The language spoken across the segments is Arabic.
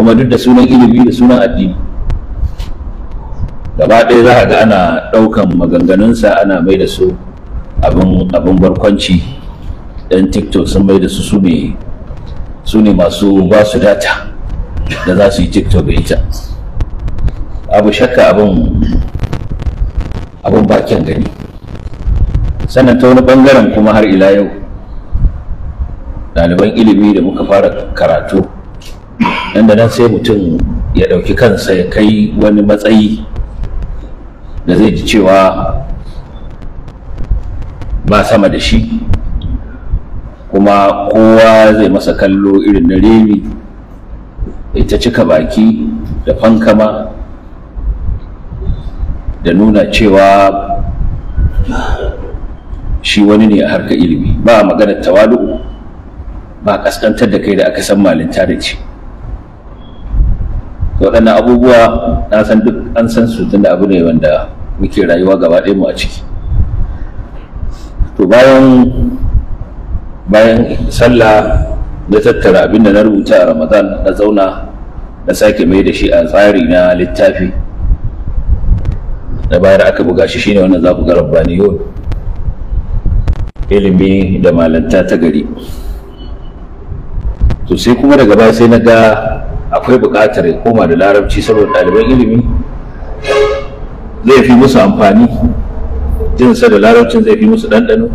kuma duk da sunan ilimi da sunan addini gaba ɗaya za a ga ana ɗaukan maganganunsa ana mai da su abin barkwanci ɗan tiktok sun mai da su su ne masu ba su data da za su yi tiktok da ita abu shakka abin abin bakin gani sannan ta wani ɓangaren kuma har ila yau ɗaliban ilimi da muka fara karatu nan da nan sai mutum ya ɗauki kansa ya kai wani matsayi da zai ji cewa ba sama da shi kuma kowa zai masa kallo irin na remi ita cika baki da fankama da nuna cewa shi wani ne a harkar ilimi ba maganar tawadu ba kaskantar da kai da aka san malinta da ce waɗannan abubuwa na san duk an san su tunda abu ne wanda muke rayuwa gaba ɗaya mu a ciki to bayan bayan sallah da tattara abin da na rubuta a ramadan na zauna na sake mai da shi a tsari na littafi da bayar aka buga shi shine wannan za ku ga yau ilimi da malanta ta gari to sai kuma daga baya sai na ga akwai buƙatar ya koma da larabci saboda ɗaliban ilimi zai fi musu amfani jinsa da larabcin zai fi musu ɗanɗano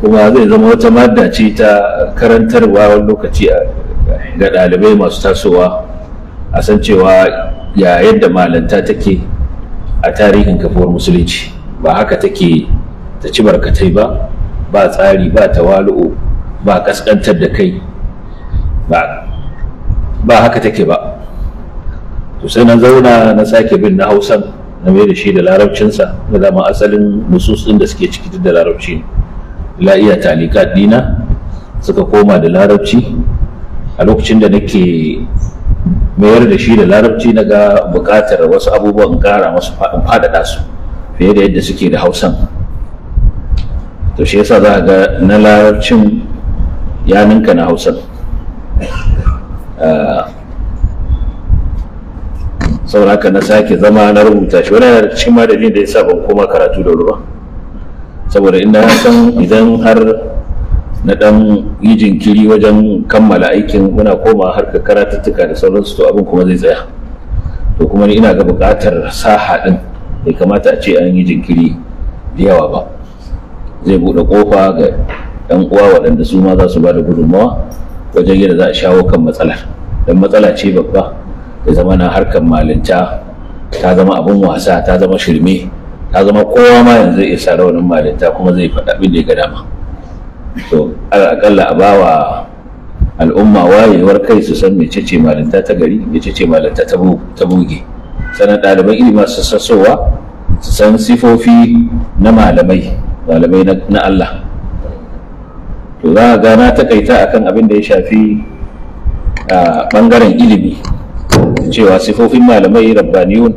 kuma zai zama wata madda ce ta karantarwa wani lokaci ga ɗalibai masu tasowa a san cewa ya yadda malanta take a tarihin kafuwar musulunci ba haka take ta ci barkatai ba ba tsari ba tawalu'u ba kaskantar da kai ba ba haka take ba to sai na zauna na sake bin na hausan na mai da shi da larabcinsa da dama asalin nusus ɗin da suke ciki da larabci ne la iya talika dina suka koma da larabci a lokacin da nake mayar da shi da larabci na ga bukatar wasu abubuwan kara masu faɗaɗa su fiye da yadda suke da hausan to shi yasa za ga na larabcin ya ninka na hausan Eh, sauraka na sake zama na rubuta shi wani yana cikin madadin da ya sa ban koma karatu da ruwa saboda ina san idan har na dan yi jinkiri wajen kammala aikin muna koma harkar karatuttuka da sauransu to abin kuma zai tsaya to kuma ni ina ga buƙatar saha din bai kamata a ce an yi jinkiri da yawa ba zai buɗe ƙofa ga 'yan uwa waɗanda su ma za su ba da gudunmawa wajen yadda za a shawo kan matsalar don matsala ce babba da zama na harkar malinta ta zama abin wasa ta zama shirme ta zama kowa ma yanzu zai isa raunin malinta kuma zai faɗa abin da ya ga dama to al'akalla a bawa al'umma wayewar kai su san mecece malinta ta gari mecece malinta ta buge sanar ɗaliban ilimi su sassowa su san sifofi na malamai malamai na Allah to za a gana takaita akan abin da ya shafi a bangaren ilimi cewa sifofin malamai rabbaniyun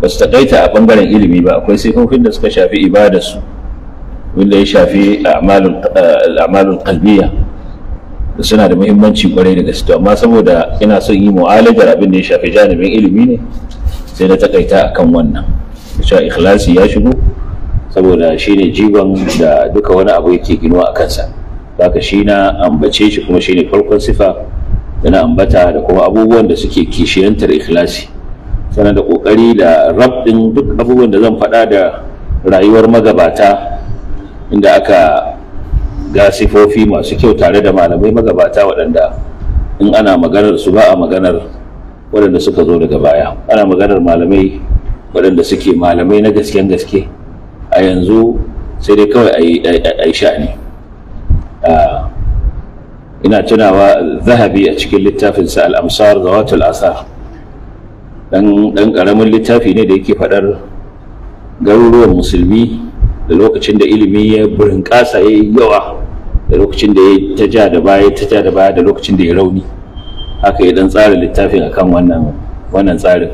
ba su takaita a bangaren ilimi ba akwai sifofin da suka shafi ibadarsu wanda ya shafi kalbiya da suna da muhimmanci kwarai da gaske amma saboda ina son yi mu'alajar abin da ya shafi janibin ilimi ne sai na takaita akan wannan cewa ikhlasi ya shigo saboda shine jigon da duka wani abu yake ginuwa a kansa haka shi na ambace shi kuma shi ne farkon sifa da na ambata da kuma abubuwan da suke kishiyantar ikhlasi sannan da kokari da rabdin duk abubuwan da zan faɗa da rayuwar magabata inda aka ga sifofi masu kyau tare da malamai magabata waɗanda in ana maganar su ba a maganar waɗanda suka zo daga baya ana maganar malamai waɗanda suke malamai na gasken gaske a yanzu sai dai kawai a yi sha'ani Ah, ina tunawa zahabi a cikin littafinsa al'amsar zawatul asar ɗan ƙaramin littafi ne da yake faɗar garuruwan musulmi da lokacin da ilimi ya burin ƙasa ya yi yawa da lokacin da ya ta ja da baya ta ja da baya da lokacin da ya rauni haka ya ɗan tsara littafin a kan wannan tsarin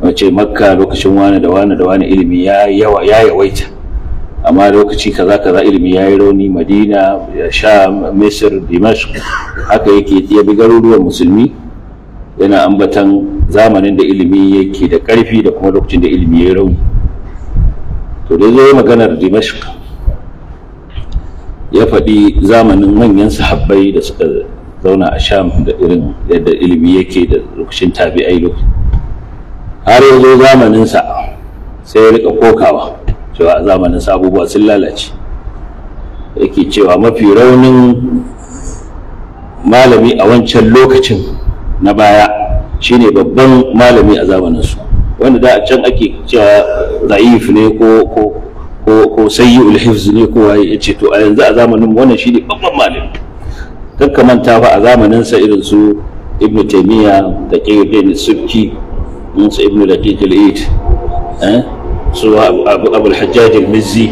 wace makka lokacin wane da wane da wane ilimi ya yawaita amma lokaci kaza kaza ilimi ya yi rauni madina sha misir dimashq haka yake ya bi garuruwan musulmi yana ambatan zamanin da ilimi yake da karfi da kuma lokacin da ilimi ya yi rauni to da zai maganar dimashq ya faɗi zamanin manyan sahabbai da suka zauna a sham da irin yadda ilimi yake da lokacin tabi'ai har yanzu zamanin sa sai ya rika kokawa cewa a zamanin abubuwa sun lalace yake cewa mafi raunin malami a wancan lokacin na baya shine babban malami a zamanin su wanda da a can ake cewa zaif ne ko ko ko ko sayyi ulhifz ne ko waye yace to a yanzu a zamanin wannan shine babban malami kakka manta fa a zamanin sa irin su ibn taymiya da qayyim subki musa ibn daqiq al-eid eh su abu hajjajin mizzi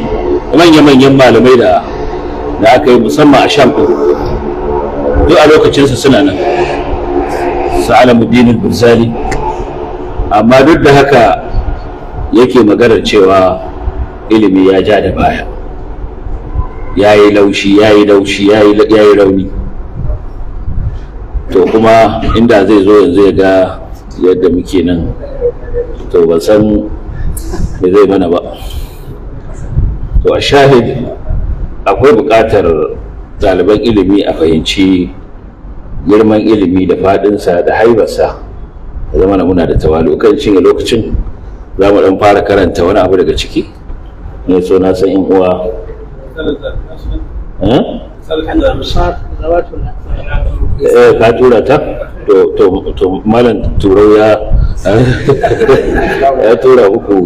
manya-manyan malamai da aka yi musamman a sham duk a lokacinsa suna nan su alamuddin mudinin amma duk da haka yake maganar cewa ilimi ya ja da baya ya yi laushi ya yi laushi ya yi rauni to kuma inda zai zo yanzu ya ga yadda muke nan to ban san da zai mana ba to a shahid akwai buƙatar ɗaliban ilimi a fahimci girman ilimi da faɗinsa da haibarsa da zama na muna da tawali kan cinye lokacin za mu ɗan fara karanta wani abu daga ciki ne so na san in uwa Eh, ka tura ta to malam turau ya ya tura uku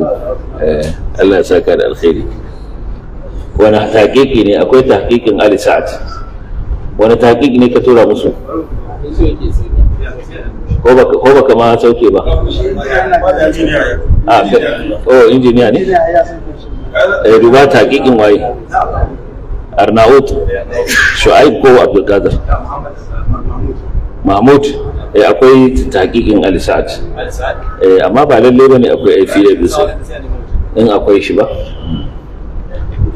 eh, Allah ya saka da alkhairi wani tahqiqi ne akwai tahqiqin Ali Sa'ad wani tahqiqi ne ka tura musu ko baka ko baka ma sauke ba a ah, oh injiniya ne eh duba tahqiqin waye arnaud shu'aib ko Qadir mahmud eh akwai taqiqin al-sa'ad eh amma ba lalle bane akwai aifi da bisa in akwai shi ba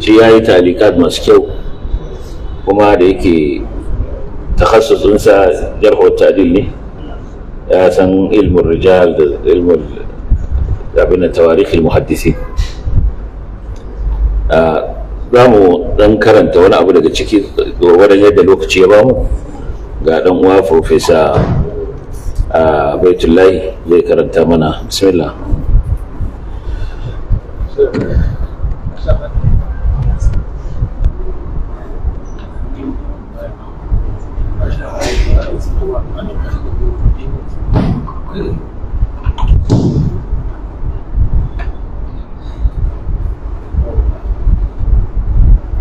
shi yayi talikat masu kyau kuma da yake takhassusunsa jarhu ta'dil ne ya san ilmin rijal da ilmin abin da al muhaddisi ah, za mu dan karanta wani abu daga ciki gwargwadon yadda lokaci ya bamu ga dan uwa profesa a baitullahi zai karanta mana bismillah Thank you.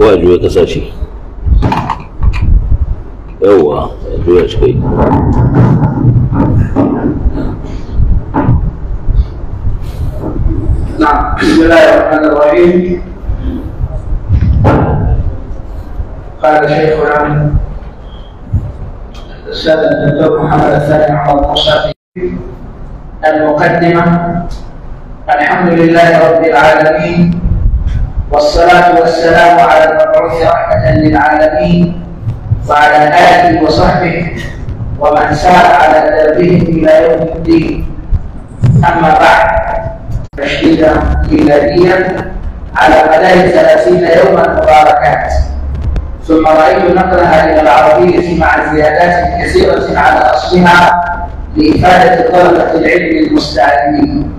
kowa juya ƙasa ce yawwa ya juya shi kai نعم بسم الله الرحمن الرحيم قال شيخنا الاستاذ الدكتور محمد الثاني محمد القصافي المقدمه الحمد لله رب العالمين والصلاة والسلام على المبعوث رحمة للعالمين وعلى آله وصحبه ومن سار على دربهم إلى يوم الدين أما بعد تشهيدا ميلاديا على مدى ثلاثين يوما مباركات ثم رأيت نقلها إلى العربية مع زيادات كثيرة على أصلها لإفادة طلبة العلم المستعدين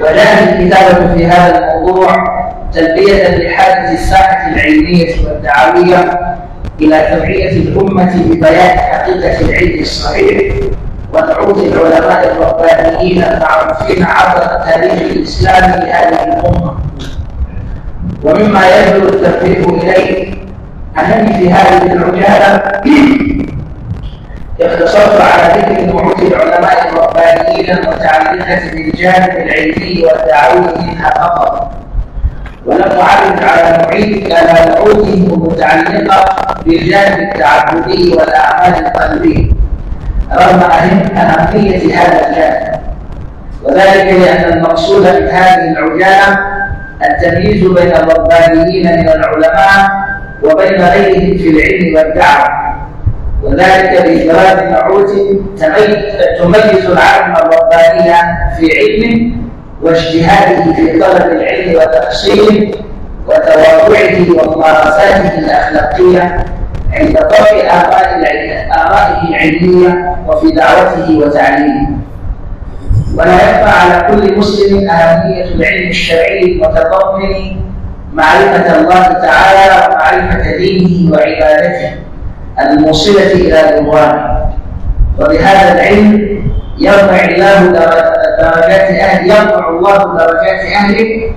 وجاءت الكتابة في هذا الموضوع تلبية لحاجة الساحة العلمية والدعوية إلى توعية الأمة ببيان حقيقة العلم الصحيح وتعود العلماء الربانيين المعروفين عبر التاريخ الإسلامي لهذه الأمة ومما يبدو التفريق إليه أنني في هذه العجالة اقتصرت على ذكر نعوت العلماء الربانيين وتعليقه بالجانب العلمي والدعوي منها فقط ولم تعرض على معيدك مدعوته المتعلقه بالجانب التعبدي والاعمال القلبيه رغم اهميه هذا الجانب وذلك لان المقصود من هذه العجاله التمييز بين الربانيين من العلماء وبين غيرهم في العلم والدعوه وذلك بإدراك نعوت تميز العالم الرباني في علمه واجتهاده في طلب العلم وتحصيله وتواضعه وممارساته الاخلاقيه عند طرح آرائه العلمية وفي دعوته وتعليمه ولا يخفى على كل مسلم أهمية العلم الشرعي المتضمن معرفة الله تعالى ومعرفة دينه وعبادته الموصلة إلى رضوانه وبهذا العلم يرفع الله درجات أهل يرفع الله درجات أهله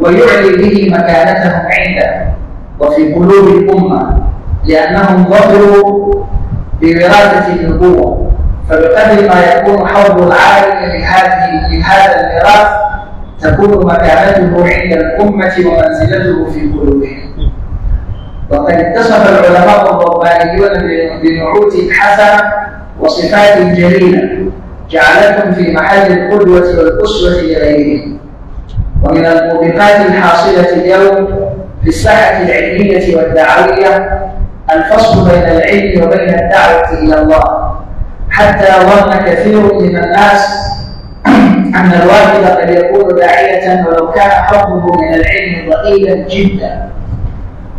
ويعلي به مكانتهم عنده وفي قلوب الأمة لأنهم ظهروا بوراثة النبوة فبقدر ما يكون حظ العالم لهذه لهذا الميراث تكون مكانته عند الأمة ومنزلته في قلوبهم وقد اتصف العلماء الربانيون بنعوت حسنة وصفات جليلة جعلكم في محل القدوة والأسوة لغيرهم ومن الموبقات الحاصلة اليوم في الساحة العلمية والدعوية الفصل بين العلم وبين الدعوة إلى الله حتى ظن كثير من الناس أن الواجب قد يكون داعية ولو كان حظه من العلم ضئيلا جدا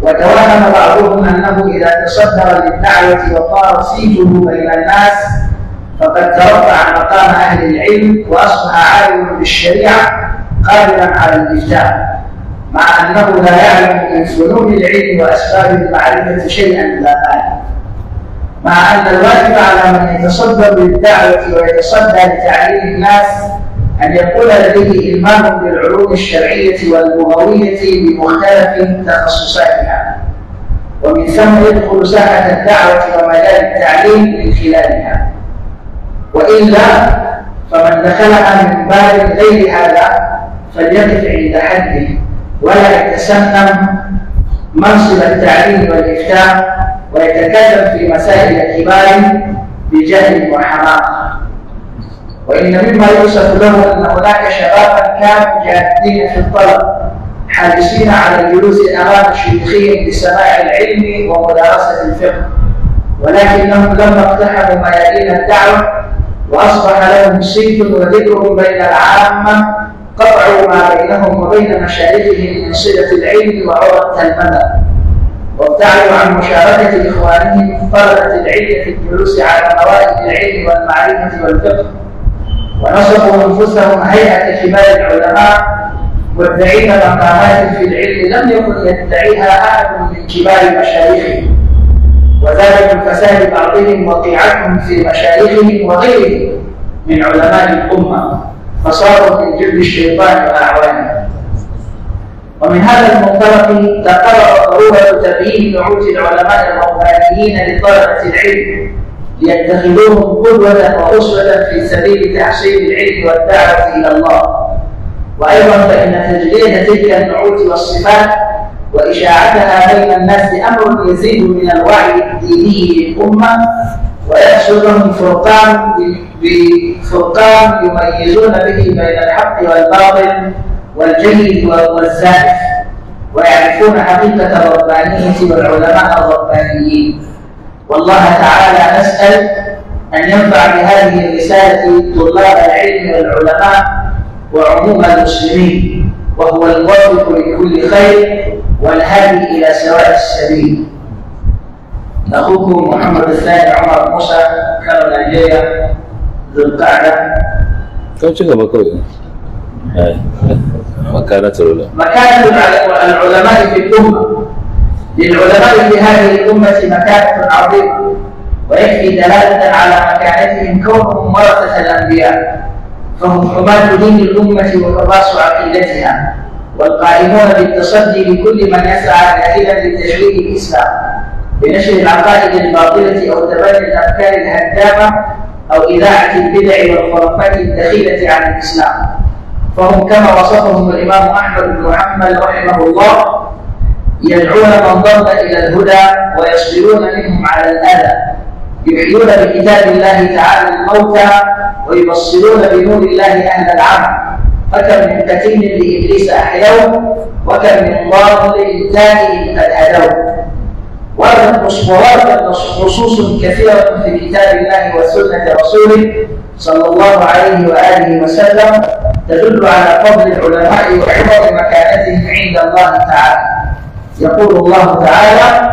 وتوهم بعضهم أنه إذا تصدر للدعوة وطار صيته بين الناس فقد ترفع مقام أهل العلم وأصبح عالم بالشريعة قادرا على الإفتاء مع أنه لا يعلم من فنون العلم وأسباب المعرفة شيئا لا مال مع أن الواجب على من يتصدر للدعوة ويتصدى لتعليم الناس أن يكون لديه إلمام بالعلوم الشرعية واللغوية بمختلف تخصصاتها ومن ثم يدخل ساحة الدعوة ومجال التعليم من خلالها وإلا فمن دخلها من باب غير هذا فليقف عند حده ولا يتسمم منصب التعليم والإفتاء ويتكلم في مسائل الكبار بجهل وحماقة وإن مما يوصف له أن هناك شبابا كانوا جادين في الطلب حريصين على الجلوس أمام شيوخهم لسماع العلم ومدارسة الفقه ولكنهم لما اقتحموا ميادين الدعوة وأصبح لهم صيت وذكر بين العامة قطعوا ما بينهم وبين مشاركهم من صلة العلم وعوره المدى وابتعدوا عن مشاركة إخوانهم طلبة العلم في الجلوس على موائد العلم والمعرفة والفقه ونصبوا أنفسهم هيئة كبار العلماء والدعين مقامات في العلم لم يكن يدعيها أحد من كبار مشايخهم وذلك من فساد بعضهم وطيعتهم في مشايخهم وغيرهم من علماء الأمة فصاروا من جلد الشيطان وأعوانه ومن هذا المنطلق تقرر ضرورة تبيين نعوت العلماء الربانيين لطلبة العلم ليتخذوهم قدوة وأسوة في سبيل تحصيل العلم والدعوة إلى الله وأيضا فإن تجليد تلك النعوت والصفات وإشاعتها بين الناس أمر يزيد من الوعي الديني للأمة ويحصلهم فرقان بفرقان يميزون به بين الحق والباطل والجيد والزائف ويعرفون حقيقة الربانية والعلماء الربانيين والله تعالى نسأل أن ينفع بهذه الرسالة طلاب العلم والعلماء وعموم المسلمين وهو الموفق لكل خير والهادي إلى سواء السبيل أخوكم محمد الثاني عمر موسى كان نيجيريا ذو القعدة كم شكرا بكوي مكانة العلماء مكانة العلماء في الأمة للعلماء في هذه الأمة مكانة عظيمة ويكفي دلالة على مكانتهم كونهم ورثة الأنبياء فهم حماة دين الأمة وحراس عقيدتها والقائمون بالتصدي لكل من يسعى نائلا لتشويه الإسلام بنشر العقائد الباطلة أو تبني الأفكار الهدامة أو إذاعة البدع والخرافات الدخيلة عن الإسلام فهم كما وصفهم الإمام أحمد بن محمد رحمه الله يدعون من ضل إلى الهدى ويصبرون منهم على الأذى يحيون بكتاب الله تعالى الموتى ويبصرون بنور الله أهل العرب فكم من كتيم لإبليس أحيوه وكم من ضال تائه قد هدوه وردت مصورات نصوص كثيرة في كتاب الله وسنة رسوله صلى الله عليه وآله وسلم تدل على فضل العلماء وعظم مكانتهم عند الله تعالى يقول الله تعالى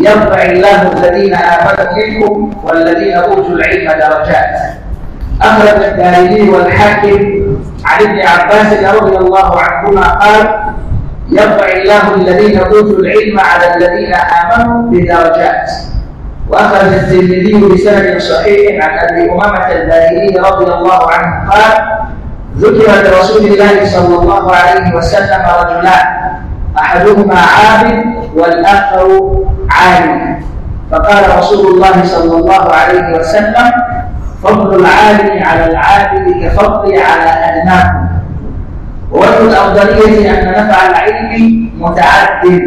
يرفع الله الذين آمنوا منكم والذين أوتوا العلم درجات أخرج الدارمي والحاكم عن ابن عباس رضي الله عنهما قال يرفع الله الذين أوتوا العلم على الذين آمنوا بدرجات وأخرج الترمذي بسند صحيح عن أبي أمامة الدارمي رضي الله عنه قال ذكر لرسول الله صلى الله عليه وسلم رجلان أحدهما عابد والآخر عالم فقال رسول الله صلى الله عليه وسلم فضل العالم على العابد كفضلي على ادناكم ووجه الافضليه ان نفع العلم متعد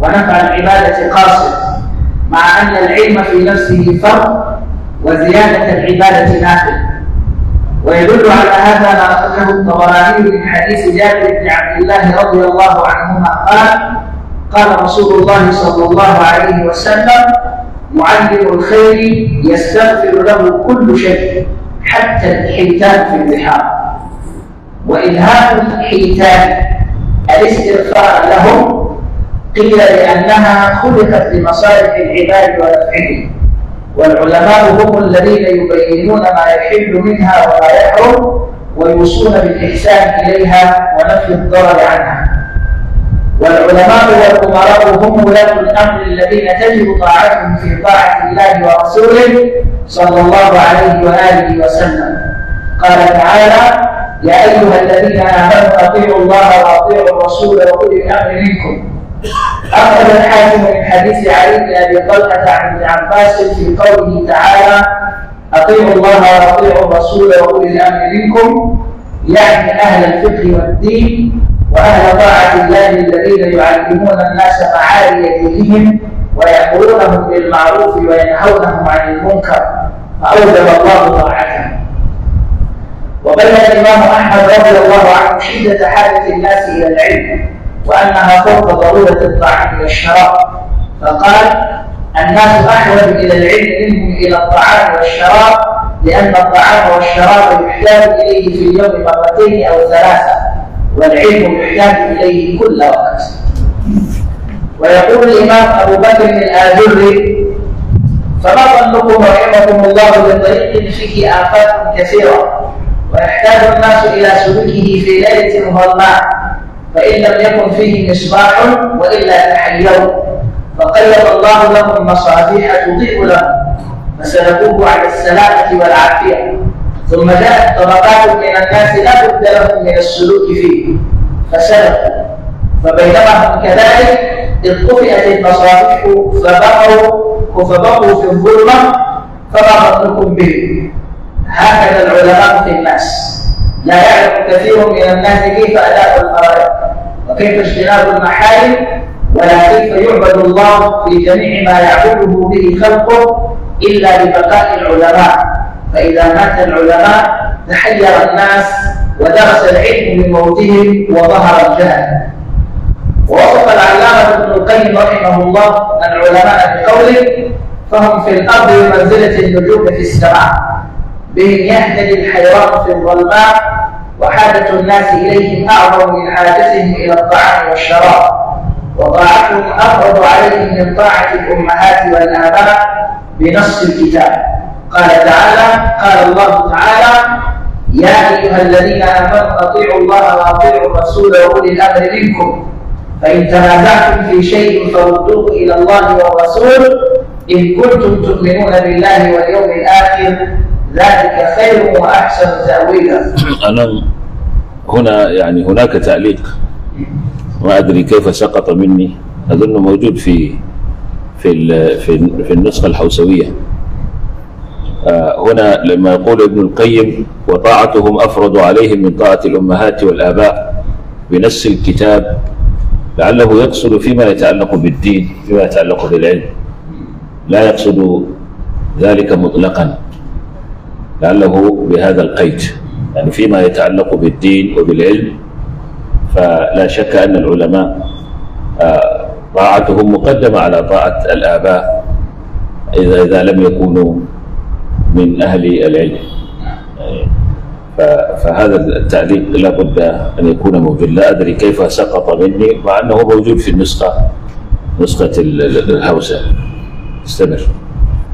ونفع العباده قاصر مع ان العلم في نفسه فرض وزياده العباده نافل ويدل على هذا ما اخرجه الطبراني من حديث جابر بن عبد الله رضي الله عنهما قال قال رسول الله صلى الله عليه وسلم معلم الخير يستغفر له كل شيء حتى الحيتان في البحار وإلهام الحيتان الاستغفار لهم قيل لأنها خلقت لمصالح العباد ونفعهم والعلماء هم الذين يبينون ما يحل منها وما يحرم ويوصون بالإحسان إليها ونفي الضرر عنها والعلماء والأمراء هم ولاة الأمر الذين تجب طاعتهم في طاعة الله ورسوله صلى الله عليه وآله وسلم قال تعالى يا أيها الذين آمنوا أطيعوا الله وأطيعوا الرسول وأولي الأمر منكم أخذ الحاكم من حديث علي بن أبي طلحة عن ابن عباس في قوله تعالى أطيعوا الله وأطيعوا الرسول وأولي الأمر منكم يعني أهل الفقه والدين وأهل طاعة الله الذين يعلمون الناس معالي دينهم ويأمرونهم بالمعروف وينهونهم عن المنكر فأوجب الله طاعتهم وبين الإمام أحمد رضي الله عنه شدة حاجة الناس إلى العلم وأنها فوق ضرورة الطعام والشراب فقال الناس أحوج إلى العلم منهم إلى الطعام والشراب لأن الطعام والشراب يحتاج إليه في اليوم مرتين أو ثلاثة والعلم يحتاج إليه كل وقت ويقول الإمام أبو بكر الازري فما ظنكم رحمكم الله بطريق فيه آفات كثيرة ويحتاج الناس إلى سلوكه في ليلة ظلماء فإن لم يكن فيه مصباح وإلا تحيروا فقيض الله لهم مصابيح تضيء لهم فسلكوه على السلامة والعافية ثم جاءت طبقات من الناس لا بد لهم من السلوك فيه فسلكوا فبينما هم كذلك اذ طفئت المصابيح فبقوا فبقوا في الظلمه فما ظنكم به هكذا العلماء في الناس لا يعلم كثير من الناس كيف اداء الفرائض وكيف اجتناب المحارم ولا كيف يعبد الله في جميع ما يعبده به خلقه الا ببقاء العلماء فإذا مات العلماء تحير الناس ودرس العلم من موتهم وظهر الجهل ووصف العلامة ابن القيم رحمه الله العلماء بقوله فهم في الأرض بمنزلة النجوم في السماء بهم يهتدي الحيران في الظلماء وحاجة الناس إليهم أعظم من حاجتهم إلى الطعام والشراب وطاعتهم أفرض عليهم من طاعة الأمهات والآباء بنص الكتاب قال تعالى قال الله تعالى يا أيها الذين آمنوا أطيعوا الله وأطيعوا الرسول وأولي الأمر منكم فإن تنازعتم في شيء فردوه إلى الله والرسول إن كنتم تؤمنون بالله واليوم الآخر ذلك خير وأحسن تأويلا. أنا هنا يعني هناك تعليق ما أدري كيف سقط مني أظنه موجود في في في, في النسخة الحوسوية آه، هنا لما يقول ابن القيم وطاعتهم أفرض عليهم من طاعة الأمهات والآباء بنص الكتاب لعله يقصد فيما يتعلق بالدين فيما يتعلق بالعلم لا يقصد ذلك مطلقا لعله بهذا القيد يعني فيما يتعلق بالدين وبالعلم فلا شك أن العلماء آه، طاعتهم مقدمة على طاعة الآباء إذا إذا لم يكونوا من أهل العلم فهذا التعليق لابد أن يكون موجود لا أدري كيف سقط مني مع أنه موجود في النسخة نسخة الهوسة استمر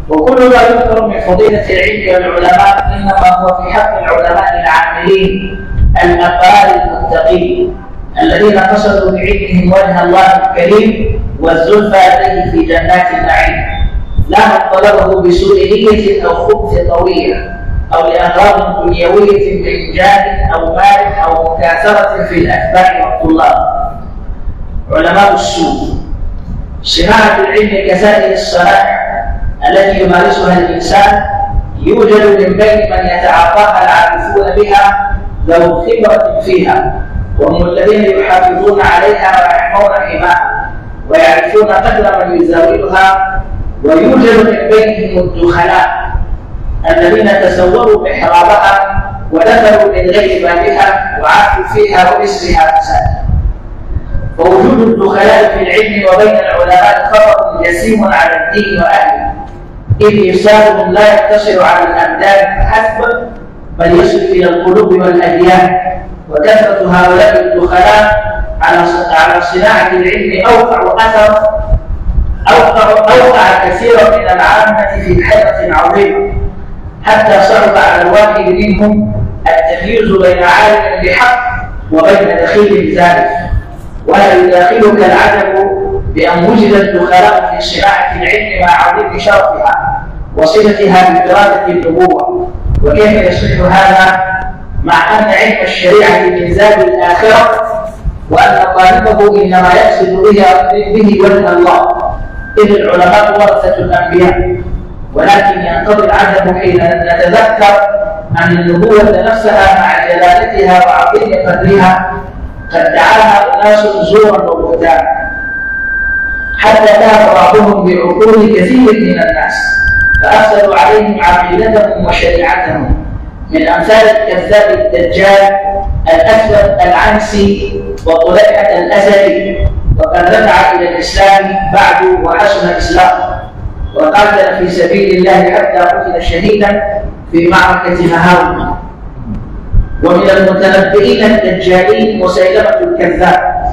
وكل ما يذكر من فضيلة العلم والعلماء إنما هو في حق العلماء العاملين الأبرار المتقين الذين قصدوا بعلمهم وجه الله الكريم والزلفى لديه في جنات النعيم لا طلبه بسوء نية أو خبث طويلة أو لأغراض دنيوية من جاه أو مال أو مكاثرة في الأتباع والطلاب علماء السوء صناعة العلم كسائر الصنائع التي يمارسها الإنسان يوجد من بين من يتعاطاها العارفون بها ذو خبرة فيها وهم الذين يحافظون عليها ويحمون حماها ويعرفون قدر من يزاولها ويوجد من بينهم الدخلاء الذين تسوروا محرابها ودخلوا من غير بابها وعادوا فيها واسرها فسادا فوجود الدخلاء في العلم وبين العلماء خطر جسيم على الدين واهله اذ افسادهم لا يقتصر على الابدان فحسب بل يصل الى القلوب والاديان وكثره هؤلاء الدخلاء على على صناعه العلم اوقع اثر أوقع كثيرا من العامة في حيرة عظيمة حتى صعب على الواحد منهم التمييز بين عالم بحق وبين دخيل بذلك ولا يداخلك العجب بأن وجد الدخلاء في صناعة العلم مع عظيم شرفها وصلتها بإرادة النبوة وكيف يصح هذا مع أن علم الشريعة من بإنزال الآخرة وأن طالبه إنما يقصد به وجه الله إذ العلماء ورثة الأنبياء ولكن ينقضي العدم حين نتذكر أن النبوة نفسها مع جلالتها وعظيم قدرها قد دعاها أناس زورا وبهتانا حتى ذهب بعضهم بعقول كثير من الناس فأفسدوا عليهم عقيدتهم وشريعتهم من أمثال كذاب الدجال الأسود العنسي وطليحة الأزلي وقد رجع إلى الإسلام بعد وحسن إسلامه وقاتل في سبيل الله حتى قتل شهيدا في معركة مهاون ومن المتنبئين الدجالين مسيلمة الكذاب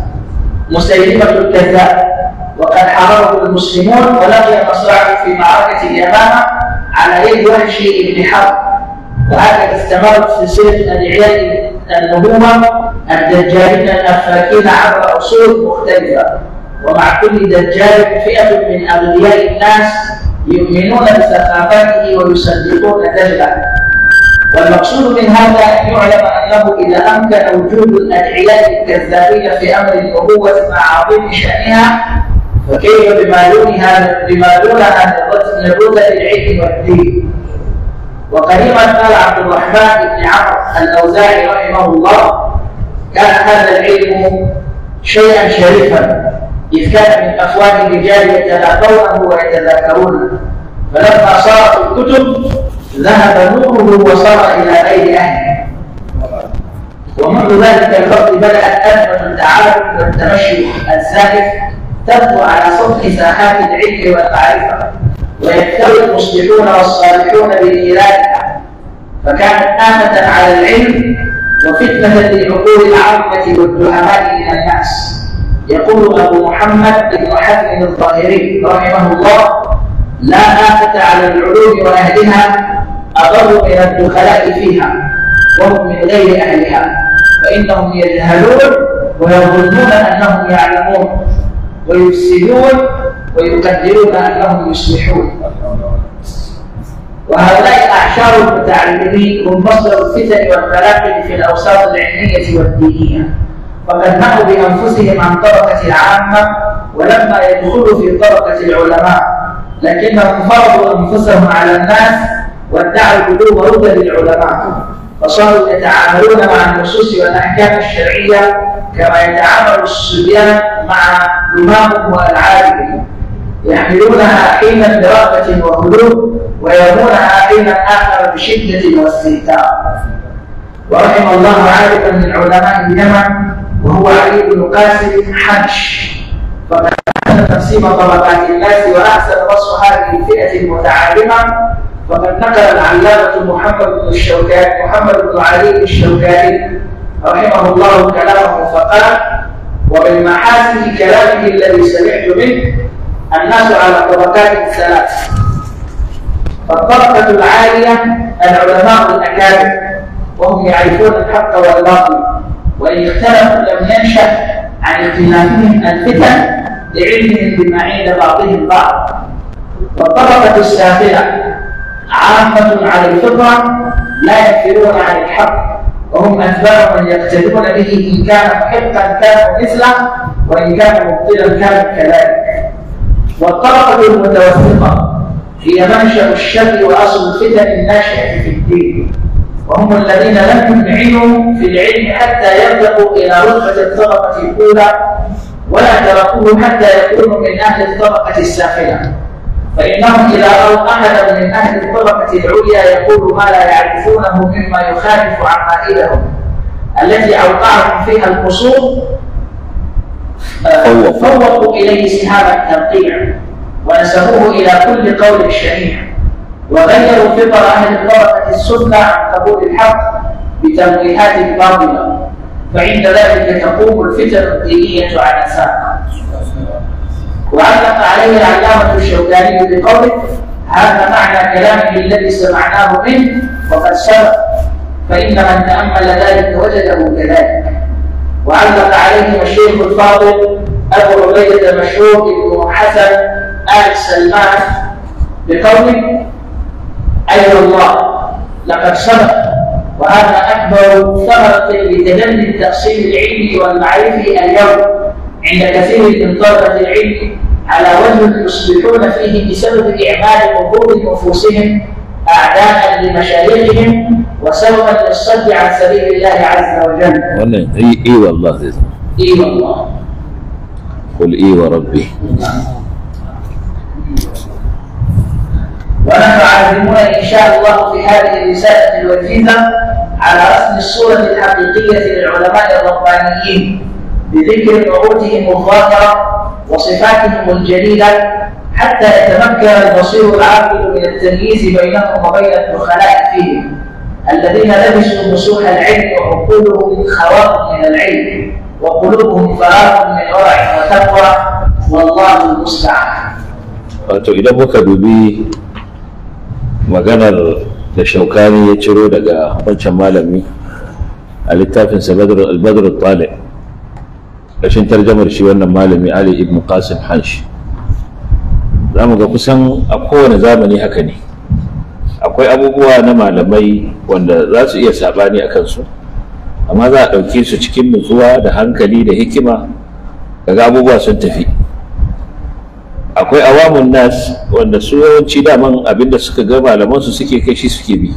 مسيلمة الكذاب وقد حاربه المسلمون ولقي مصرعه في معركة اليمامة على يد وحشي بن حرب وهكذا استمرت سلسله الادعياء النبوه الدجالين الافاكين عبر اصول مختلفه ومع كل دجال فئه من اغنياء الناس يؤمنون بثقافته ويصدقون دجله والمقصود من هذا ان يعلم انه اذا امكن وجود الادعياء الكذابين في امر النبوه مع عظيم شانها فكيف بما دونها بما دونها من الرد العلم والدين وقريبا قال عبد الرحمن بن عمرو الاوزاعي رحمه الله كان هذا العلم شيئا شريفا اذ كان من اخوان الرجال يتلاقونه ويتذاكرونه فلما صارت الكتب ذهب نوره وصار الى غير اهله ومنذ ذلك الوقت بدات ازمه التعارف والتمشي الزائف تبدو على سطح ساحات العلم والمعرفه ويكتب المصلحون والصالحون بميراثها فكانت آفة على العلم وفتنة لعقول العامة والدعماء من الناس يقول أبو محمد بن حزم الظاهري رحمه الله لا آفة على العلوم وأهلها أضر من الدخلاء فيها وهم من غير أهلها فإنهم يجهلون ويظنون أنهم يعلمون ويفسدون ويقدرون انهم يصلحون وهؤلاء الاعشار المتعلمين هم مصدر الفتن والقلاقل في الاوساط العلميه والدينيه فقد نهوا بانفسهم عن طبقه العامه ولما يدخلوا في طبقه العلماء لكنهم فرضوا انفسهم على الناس وادعوا بلوغ هدى للعلماء فصاروا يتعاملون مع النصوص والاحكام الشرعيه كما يتعامل الصبيان مع دماغهم والعابهم يحملونها حين برغبة وهدوء ويرمونها حين آخر بشدة واستهتار ورحم الله عارفا من علماء اليمن وهو علي بن قاسم حنش فقد أحسن تقسيم طبقات الناس وأحسن وصف هذه الفئة المتعلمه وقد نقل العلامة محمد بن الشوكاني محمد بن علي الشوكاني رحمه الله كلامه فقال ومن محاسن كلامه الذي سمعت منه الناس على طبقات ثلاث فالطبقة العالية العلماء الأكابر وهم يعرفون الحق والباطل وإن اختلفوا لم ينشأ عن اختلافهم الفتن لعلمهم بما عند بعضهم البعض والطبقة السافلة عامة على الفطرة لا يكفرون عن الحق وهم أتباع من يقتدون به إن كان محقا كانوا مثله وإن كان مبطلا كانوا كذلك والطبقة المتوسطة هي منشأ الشر وأصل الفتن الناشئة في الدين وهم الذين لم يمعنوا في العلم حتى يرتقوا إلى رتبة الطبقة الأولى ولا تركوه حتى يكونوا من أهل الطبقة الساخنة فإنهم إذا رأوا أحدا من أهل الطبقة العليا يقول ما لا يعرفونه مما يخالف عقائدهم التي أوقعهم فيها القصور فوقوا إليه سهام الترقيع ونسبوه إلى كل قول الشريعه وغيروا فطر أهل الطبقة السنه عن قبول الحق بتوجيهات باطلة فعند ذلك تقوم الفتن الدينية على ساق وعلق عليه العلامة الشوكاني بقوله هذا معنى كلامه الذي سمعناه منه وقد سبق فإن من تأمل ذلك وجده كذلك وعلق عليهم الشيخ الفاضل أبو عبيدة المشهور بن حسن آل سلمان بقوله أي الله لقد سبق وهذا أكبر ثمرة لتجلي التأصيل العلمي والمعرفي اليوم عند كثير من طلبة العلم على وجه يصبحون فيه بسبب إعمال قبور نفوسهم أعداء لمشايخهم وسوف للصد عن سبيل الله عز وجل. والله إي إي والله إي والله. قل إي وربي. ونحن عازمون إن شاء الله في هذه الرسالة الوجيزة على رسم الصورة الحقيقية للعلماء الربانيين بذكر عقودهم الظاهرة وصفاتهم الجليلة حتى يتمكن المصير العاقل من التمييز بينهم وبين الدخلاء فيهم الذين لبسوا مسوح العلم وعقولهم من من العلم وقلوبهم فراغ من الورع والتقوى والله المستعان. wato idan muka dubi maganar da shaukani ya ciro daga wancan malami a littafin al-Badr al-Talib kashin tarjamar shi wannan malami Ali ibn za mu ga kusan a kowane zamani haka ne akwai abubuwa na malamai wanda za su iya saɓani a kansu amma za a ɗauke su cikin nutsuwa da hankali da hikima daga abubuwa sun tafi akwai awamun nas wanda su yawanci daman abinda suka ga malamansu suke kai shi suke bi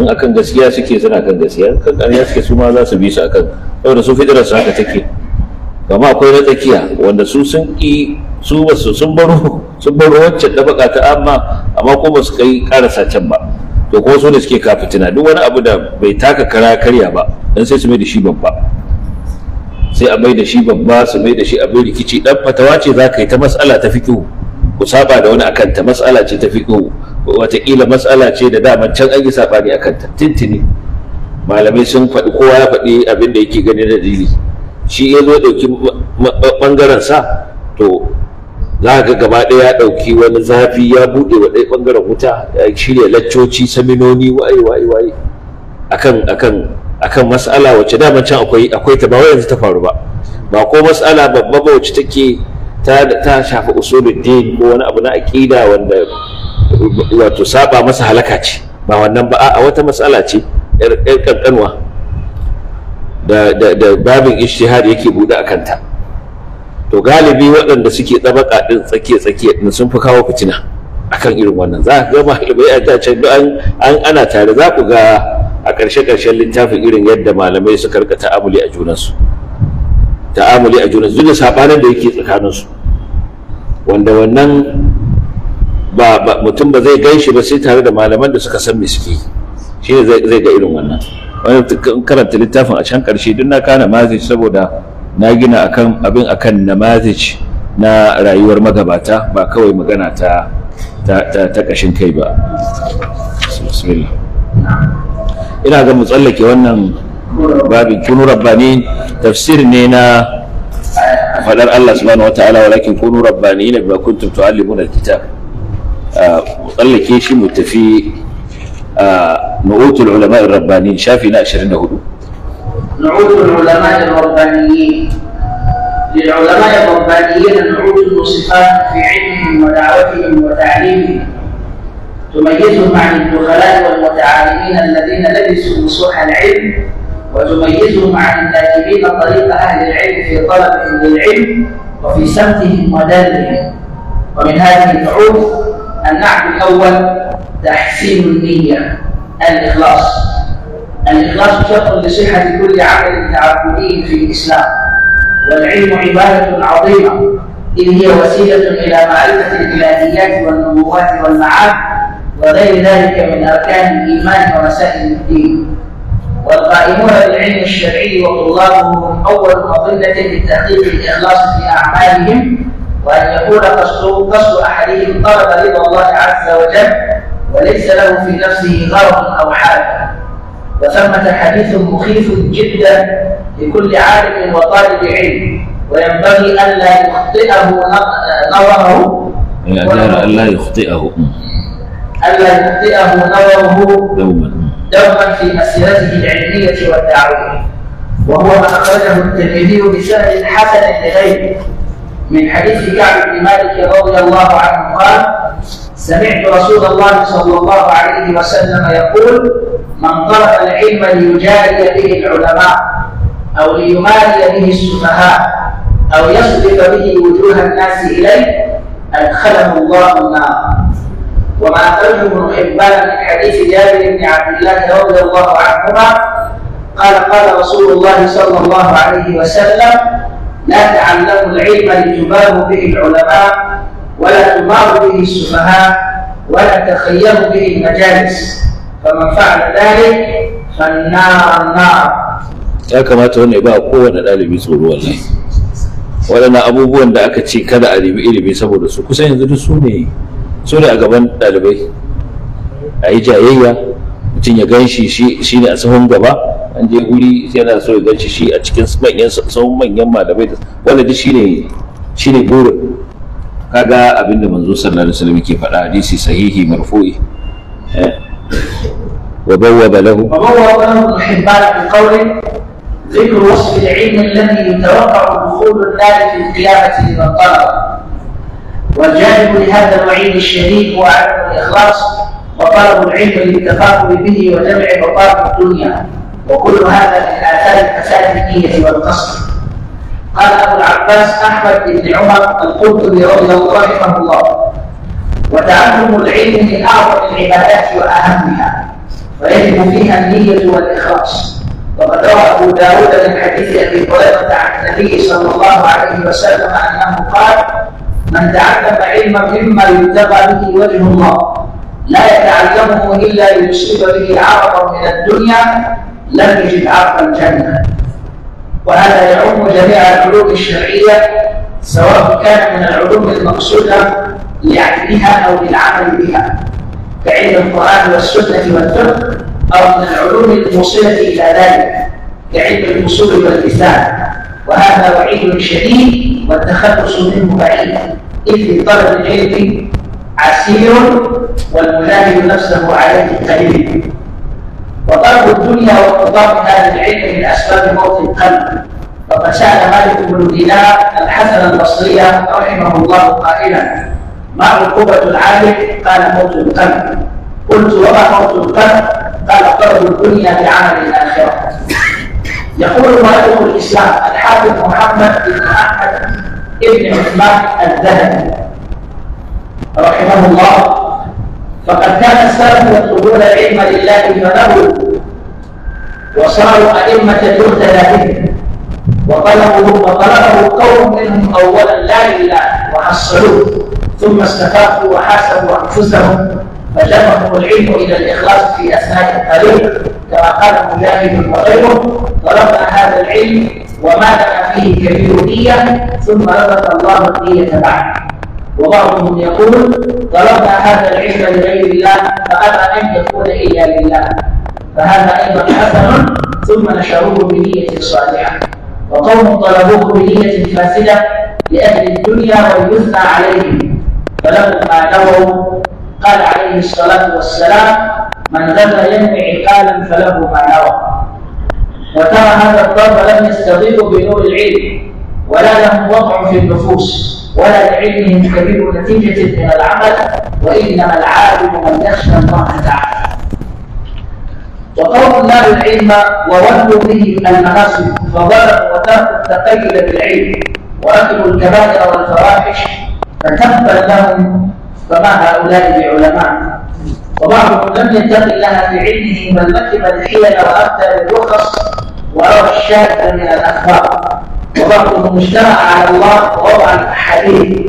in akan gaskiya suke suna kan gaskiya kan ƙarya suke su ma za su bi su akan saboda su fi su haka take kama akwai na tsakiya wanda su sun ƙi su basu sun baro sun baro waccan da baka ta amma amma ko ba su kai karasa can ba to ko su ne suke kafitina duk wani abu da bai taka kara karya ba dan sai su mai da shi babba sai a mai da shi babba su mai da shi abin rikici dan fatawa ce za ka yi ta mas'ala ta fiqhu ku saba da wani akan ta mas'ala ce ta fiqhu wataƙila mas'ala ce da dama can an yi sabani akan ta tintini malamai sun faɗi kowa ya faɗi abin da yake gani da dalili shi ya zo ɗauki ɓangaren sa to za ka gaba ɗaya ya ɗauki wani zafi ya buɗe wa ɗaya ɓangaren wuta ya shirya laccoci saminoni waye waye waye akan akan akan mas'ala wacce daman can akwai akwai ta ba wai yanzu ta faru ba ba ko mas'ala babba ba wacce take ta ta shafi din ko wani abu na aqida wanda wato saba masa halaka ce ba wannan ba a wata mas'ala ce yar kankanwa da da babin ijtihad yake bude a kanta to galibi waɗanda suke tsabaka din tsake tsake din sun fi kawo fitina akan irin wannan za ga malamai a ta can an ana tare za ku ga a ƙarshe ƙarshen littafin irin yadda malamai suka rika ta'amuli a junan su ta'amuli a junan su da sabanin da yake tsakanin su wanda wannan ba mutum ba zai gan ba sai tare da malaman da suka san me suke shi ne zai ga irin wannan wani karanta littafin a can karshe duk na kana mazij saboda na gina akan abin akan namazij na rayuwar magabata ba kawai magana ta ta kashin kai ba bismillah ina ga mu tsallake wannan babin kunu rabbani tafsir ne na fadar Allah subhanahu wataala walakin kunu rabbani ne ba kuntum tu'allimuna alkitab mu tsallake shi mu tafi نعوت العلماء الربانيين شافي ناشر انه نعوت العلماء الربانيين للعلماء الربانيين نعوت المصفات في علمهم ودعوتهم وتعليمهم تميزهم عن الدخلاء والمتعالمين الذين لبسوا نصوح العلم وتميزهم عن الناجبين طريق اهل العلم في طلبهم للعلم وفي سمتهم ودارهم ومن هذه النعوت النعم الاول تحسين النية الإخلاص الإخلاص شرط لصحة كل عمل تعبدي في الإسلام والعلم عبادة عظيمة إذ هي وسيلة إلى معرفة الإلهيات والنبوات والمعاد وغير ذلك من أركان الإيمان ومسائل الدين والقائمون بالعلم الشرعي وطلابه هم أول أظلة لتحقيق الإخلاص في أعمالهم وأن يكون قصد أحدهم طلب رضا الله عز وجل وليس له في نفسه غرض أو حاجة وثمة حديث مخيف جدا لكل عالم وطالب علم وينبغي ألا يخطئه نظره ألا يخطئه ألا يخطئه نظره دوما دوما في مسيرته العلمية والدعوية وهو ما أخرجه الترمذي بسند حسن لغيره من حديث كعب بن مالك رضي الله عنه قال سمعت رسول الله صلى الله عليه وسلم يقول من طلب العلم ليجاري به العلماء أو ليمالي به السفهاء أو يصرف به وجوه الناس إليه أدخله الله النار وما أخرجه ابن حبان من حديث جابر بن عبد الله رضي الله عنهما قال قال رسول الله صلى الله عليه وسلم لا تعلموا العلم لتباهوا به العلماء ولا تمار به السفهاء ولا تخير به المجالس فمن فعل ذلك فالنار نار ya kamata wanda ya قوة kowane ɗalibi والله wannan waɗannan abubuwan da aka ce kada a ribi ilimi saboda su kusan yanzu duk su ne su ne a gaban ɗalibai a yi jayayya mutum ya gan shi shi ne a sahun gaba an je wuri yana so ya gan shi shi a cikin manyan sahun manyan malamai wanda duk shi ne burin kaga abinda manzo sallallahu alaihi wasallam yake faɗa hadisi sahihi marfu'i eh. wa bawwaba lahu wa bawwaba lahu hibban bi qawli ذكر وصف العلم الذي يتوقع دخول النار في القيامة لمن طلب والجانب لهذا الوعيد الشديد هو عدم الإخلاص وطلب العلم للتفاخر به وجمع مطالب الدنيا وكل هذا من آثار الفساد النية والقصد قال أبو العباس أحمد بن عمر القرطبي رضي الله رحمه الله وتعلم العلم من أعظم العبادات وأهمها ويجب فيها النية والإخلاص وقد روى أبو داود من حديث أبي هريرة عن النبي صلى الله عليه وسلم أنه قال من تعلم علما مما يبتغى به وجه الله لا يتعلمه إلا ليصيب به عرضا من الدنيا لم يجد عرض الجنة وهذا يعم جميع العلوم الشرعية سواء كان من العلوم المقصودة لعلمها أو للعمل بها كعلم القرآن والسنة والفقه أو من العلوم الموصلة إلى ذلك كعلم الأصول واللسان وهذا وعيد شديد والتخلص منه بعيد إذ طلب العلم عسير والملاهي نفسه عليه قليل وطلب الدنيا واقتضاء هذا العلم من اسباب موت القلب وقد سال مالك بن دينار الحسن البصري رحمه الله قائلا ما عقوبه العالم قال موت القلب قلت وما موت القلب قال طلب الدنيا بعمل الاخره يقول مالك الاسلام الحافظ محمد بن احمد ابن عثمان الذهبي رحمه الله فقد كان السلف يطلبون العلم لله فله وصاروا أئمة يهتدى بهم وطلبوا وطلبه قوم منهم أولا لا لله وحصلوه ثم استفاقوا وحاسبوا أنفسهم فجمعوا العلم إلى الإخلاص في أثناء القليل كما قال مجاهد وغيره طلبنا هذا العلم وما لنا فيه كبير نية ثم ربط الله النية بعد وبعضهم يقول طلبنا هذا العلم لغير الله فأبى أن يكون إلا لله فهذا أيضا حسن ثم نشروه بنية صالحة وقوم طلبوه بنية فاسدة لأهل الدنيا ويثنى عليهم فلما نووا قال عليه الصلاة والسلام من غدا ينمي عقالا فله ما نوى وترى هذا الضرب لم يستضيفه بنور العلم ولا لهم وضع في النفوس ولا لعلمهم كبير نتيجة من العمل وإنما العالم من يخشى الله تعالى وقول الله العلم وولوا به المناصب فضربوا وتركوا التقيد بالعلم وأكلوا الكبائر والفواحش فتبا لهم فما هؤلاء بعلماء وبعضهم لم يتق الله بعلمه بل مكب الحيل وأبدى بالرخص وروى الشاهد من الأخبار وبعضهم اجتمع على الله ووضع الاحاديث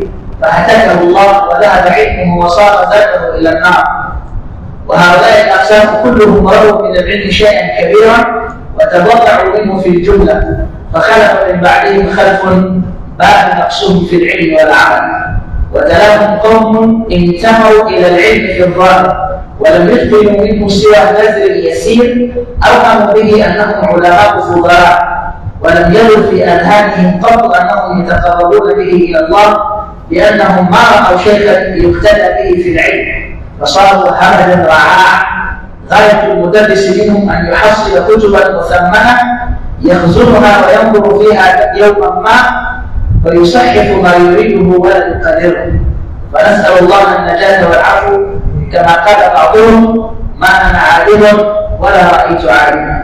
فهتكه الله وذهب علمه وصار ذكره الى النار وهؤلاء الاقسام كلهم رووا من العلم شيئا كبيرا وتبرعوا منه في الجمله فخلف من بعدهم خلف باب نقصهم في العلم والعمل وتلاهم قوم انتهوا الى العلم في الظاهر ولم يتقنوا منه سوى البذل اليسير اوهموا به انهم علماء فضلاء ولم يلد في أذهانهم قط أنهم يتقربون به إلى الله لأنهم ما رأوا شيئا يقتدى به في العلم فصاروا حملا رعاع غاية المدرس منهم أن يحصل كتبا مثمنة يخزنها وينظر فيها يوما ما ويصحح ما يريده ولا يقدره فنسأل الله النجاة والعفو كما قال بعضهم ما أنا عالم ولا رأيت عالما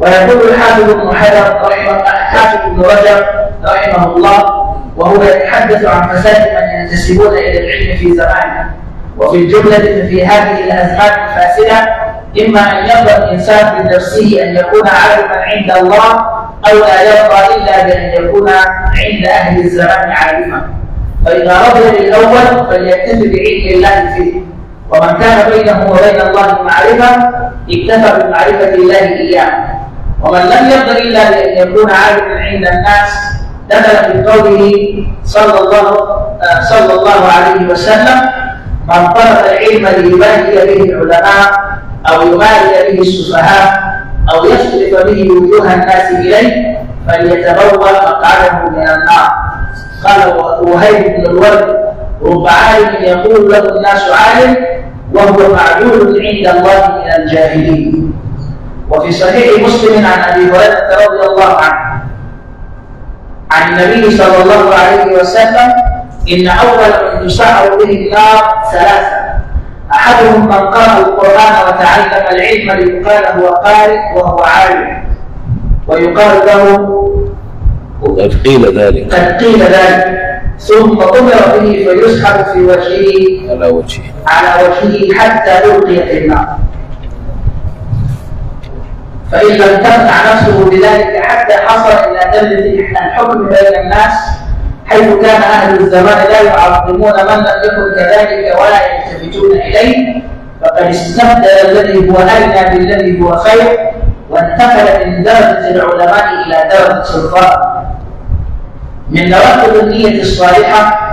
ويقول الحافظ ابن حجر رحمه الحافظ ابن رجب رحمه الله وهو يتحدث عن فساد من ينتسبون الى العلم في زماننا وفي الجمله في هذه الازمان الفاسده اما ان يبقى الانسان بنفسه ان يكون عالما عند الله او لا يبقى الا بان يكون عند اهل الزمان عالما فاذا رضي بالاول فليكتفي بعلم الله فيه ومن كان بينه وبين الله معرفة اكتفى بمعرفة الله إياه ومن لم يقدر إلا بأن يكون عالما عند الناس دخل في قوله صلى الله آه، صلى الله عليه وسلم من طلب العلم ليبالي به العلماء أو يمالي به السفهاء أو يصرف به وجوه الناس إليه فليتبوأ مقعده من النار قال وهيب بن الورد رب عالم يقول له الناس عالم وهو معلول عند الله من الجاهلين وفي صحيح مسلم عن ابي هريره رضي الله عنه عن النبي صلى الله عليه وسلم ان اول من تسعر به النار ثلاثه احدهم من قرأ القران وتعلم العلم ليقال هو قارئ وهو عالم ويقال له قد قيل ذلك قد قيل ذلك ثم أمر به فيسحب في وجهه على وجهه على وجهه حتى ألقي في النار فإن لم تقنع نفسه بذلك حتى حصل إلى دلة الحكم بين الناس حيث كان أهل الزمان لا يعظمون من لم يكن كذلك ولا يلتفتون إليه فقد استبدل الذي هو أدنى بالذي هو خير وانتقل من درجة العلماء إلى درجة السلطان من تركب النية الصالحة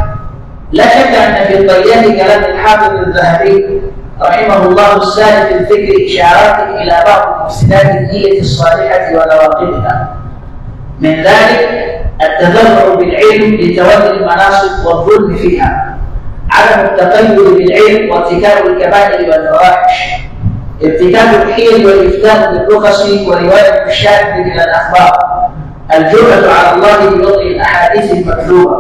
لا شك أن في طيات كلام الحافظ الذهبي رحمه الله السالف الفكر إشارات إلى بعض مفسدات النية الصالحة ونواقضها من ذلك التذرع بالعلم لتولي المناصب والظلم فيها عدم التقيد بالعلم وارتكاب الكبائر والفواحش ارتكاب الحيل والإفتاء بالرخص ورواية الشاذ من الأخبار الجملة على الله بوضع الأحاديث المكذوبة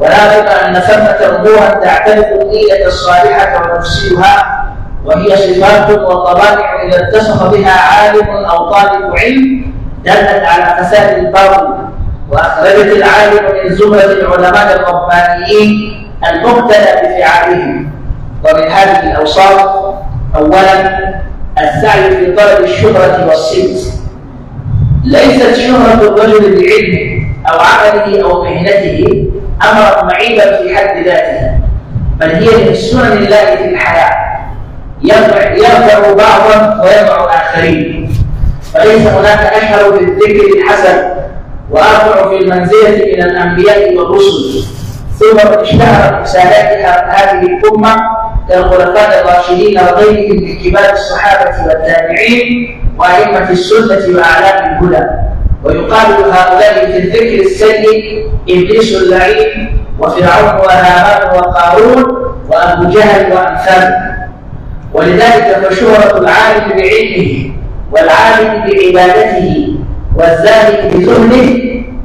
ولا أن ثمة أمورا تعترف النية الصالحة وتفسيرها وهي صفات وطبائع إذا اتصف بها عالم أو طالب علم دلت على فساد الباطل وأخرجت العالم من زمرة العلماء الربانيين المبتلى بفعالهم ومن هذه الأوصاف أولا السعي في طلب الشهرة والصدق ليست شهرة الرجل بعلمه أو عمله أو مهنته أمرا معيبا في حد ذاته بل هي من سنن الله في الحياة يرفع بعضا ويضع آخرين فليس هناك أشهر في الذكر الحسن وأرفع في المنزلة من الأنبياء والرسل ثم اشتهرت رسالات هذه الأمة كالخلفاء الراشدين وغيرهم من كبار الصحابه والتابعين وائمه السنه واعلام الهدى ويقال لهؤلاء في الذكر السيء ابليس اللعين وفرعون وهامان وقارون وابو جهل وامثاله ولذلك فشهره العالم بعلمه والعالم بعبادته والزاهد بذهنه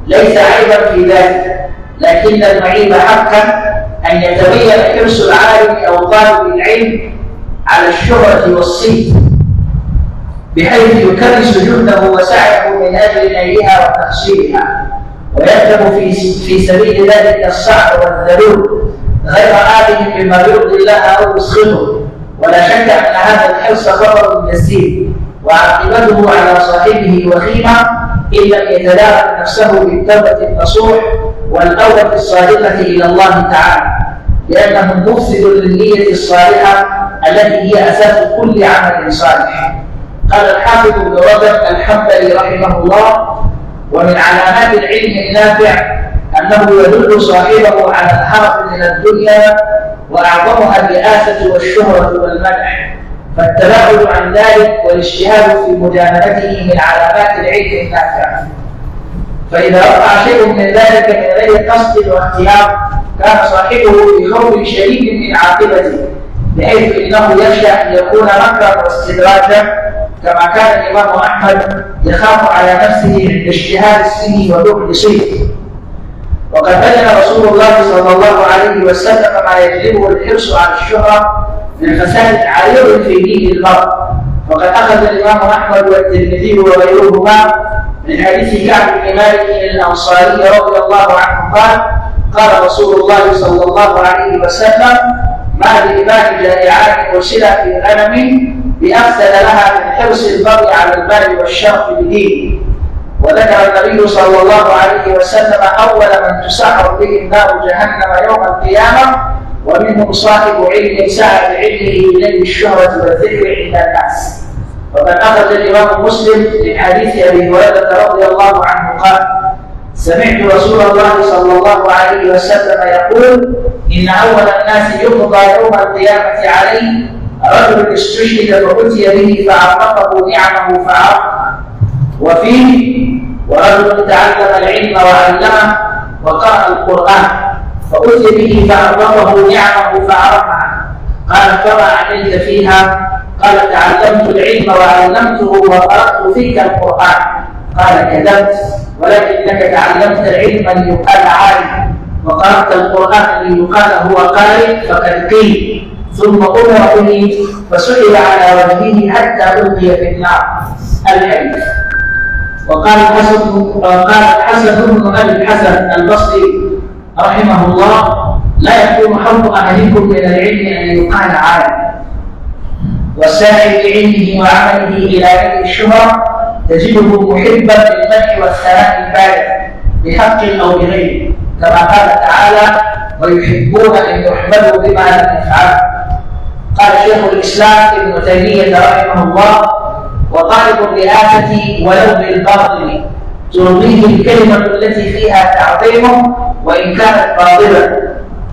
ليس عيبا في ذلك لكن المعيب حقا أن يتبين حرص العالم أو طالب العلم على الشهرة والصيت بحيث يكرس جهده وسعيه من أجل نيلها وتحصيلها ويكتب في في سبيل ذلك الصعب والذلول غير آمن بما يرضي الله أو يسخطه ولا شك أن هذا الحرص خطر جسيم وعاقبته على صاحبه وخيمة إن لم يتدارك نفسه بالتوبة النصوح والتوبه الصادقة إلى الله تعالى لأنه مفسد للنية الصالحة التي هي أساس كل عمل صالح قال الحافظ ابن رجب الحنبلي رحمه الله ومن علامات العلم النافع أنه يدل صاحبه على الهرب من الدنيا وأعظمها الرئاسة والشهرة والمدح فالتباعد عن ذلك والاجتهاد في مجانبته من علامات العلم النافع فإذا وقع شيء من ذلك من غير قصد واختيار كان صاحبه في خوف شديد من عاقبته بحيث إنه يخشى أن يكون مكرا واستدراجا كما كان الإمام أحمد يخاف على نفسه عند اجتهاد السن وبعد سنه وقد بين رسول الله صلى الله عليه وسلم ما يجلبه الحرص على الشهرة من فساد عريض في دين المرء وقد أخذ الإمام أحمد والترمذي وغيرهما من حديث كعب بن مالك الانصاري رضي الله عنه قال قال رسول الله صلى الله عليه وسلم ما للمال جائعات وسلة في غنم لافسد لها من حرص البر على المال والشرف بدينه وذكر النبي صلى الله عليه وسلم اول من تسحر به نار جهنم يوم القيامه ومنهم صاحب علم سعى بعلمه لنيل الشهره والذكر عند الناس وقد اخذ الإمام مسلم من حديث أبي هريرة رضي الله عنه قال سمعت رسول الله صلى الله عليه وسلم يقول إن أول الناس يقضى يوم القيامة عليه رجل استشهد فأتي به فعرفه نعمه فعرف وفيه ورجل تعلم العلم وعلمه وقرأ القرآن فأتي به فعرفه نعمه فعرفها قال فما عملت فيها قال تعلمت العلم وعلمته وقرأت فيك القرآن قال كذبت ولكنك تعلمت العلم ليقال عالم وقرأت القرآن ليقال هو قارئ فقد قيل ثم أمر به فسئل على وجهه حتى ألقي في النار العلم وقال حسن وقال حسن بن أبي الحسن البصري رحمه الله لا يكون حظ أحدكم من العلم أن يقال عالم والساعي بعلمه وعمله الى علم الشهرة تجده محبا للمدح والثناء البارد بحق او بغيره كما قال تعالى ويحبون ان يحمدوا بما لم يفعلوا قال شيخ الاسلام ابن تيميه رحمه الله وطالب الرئاسه ولو بالباطل ترضيه الكلمه التي فيها تعظيمه وان كانت باطله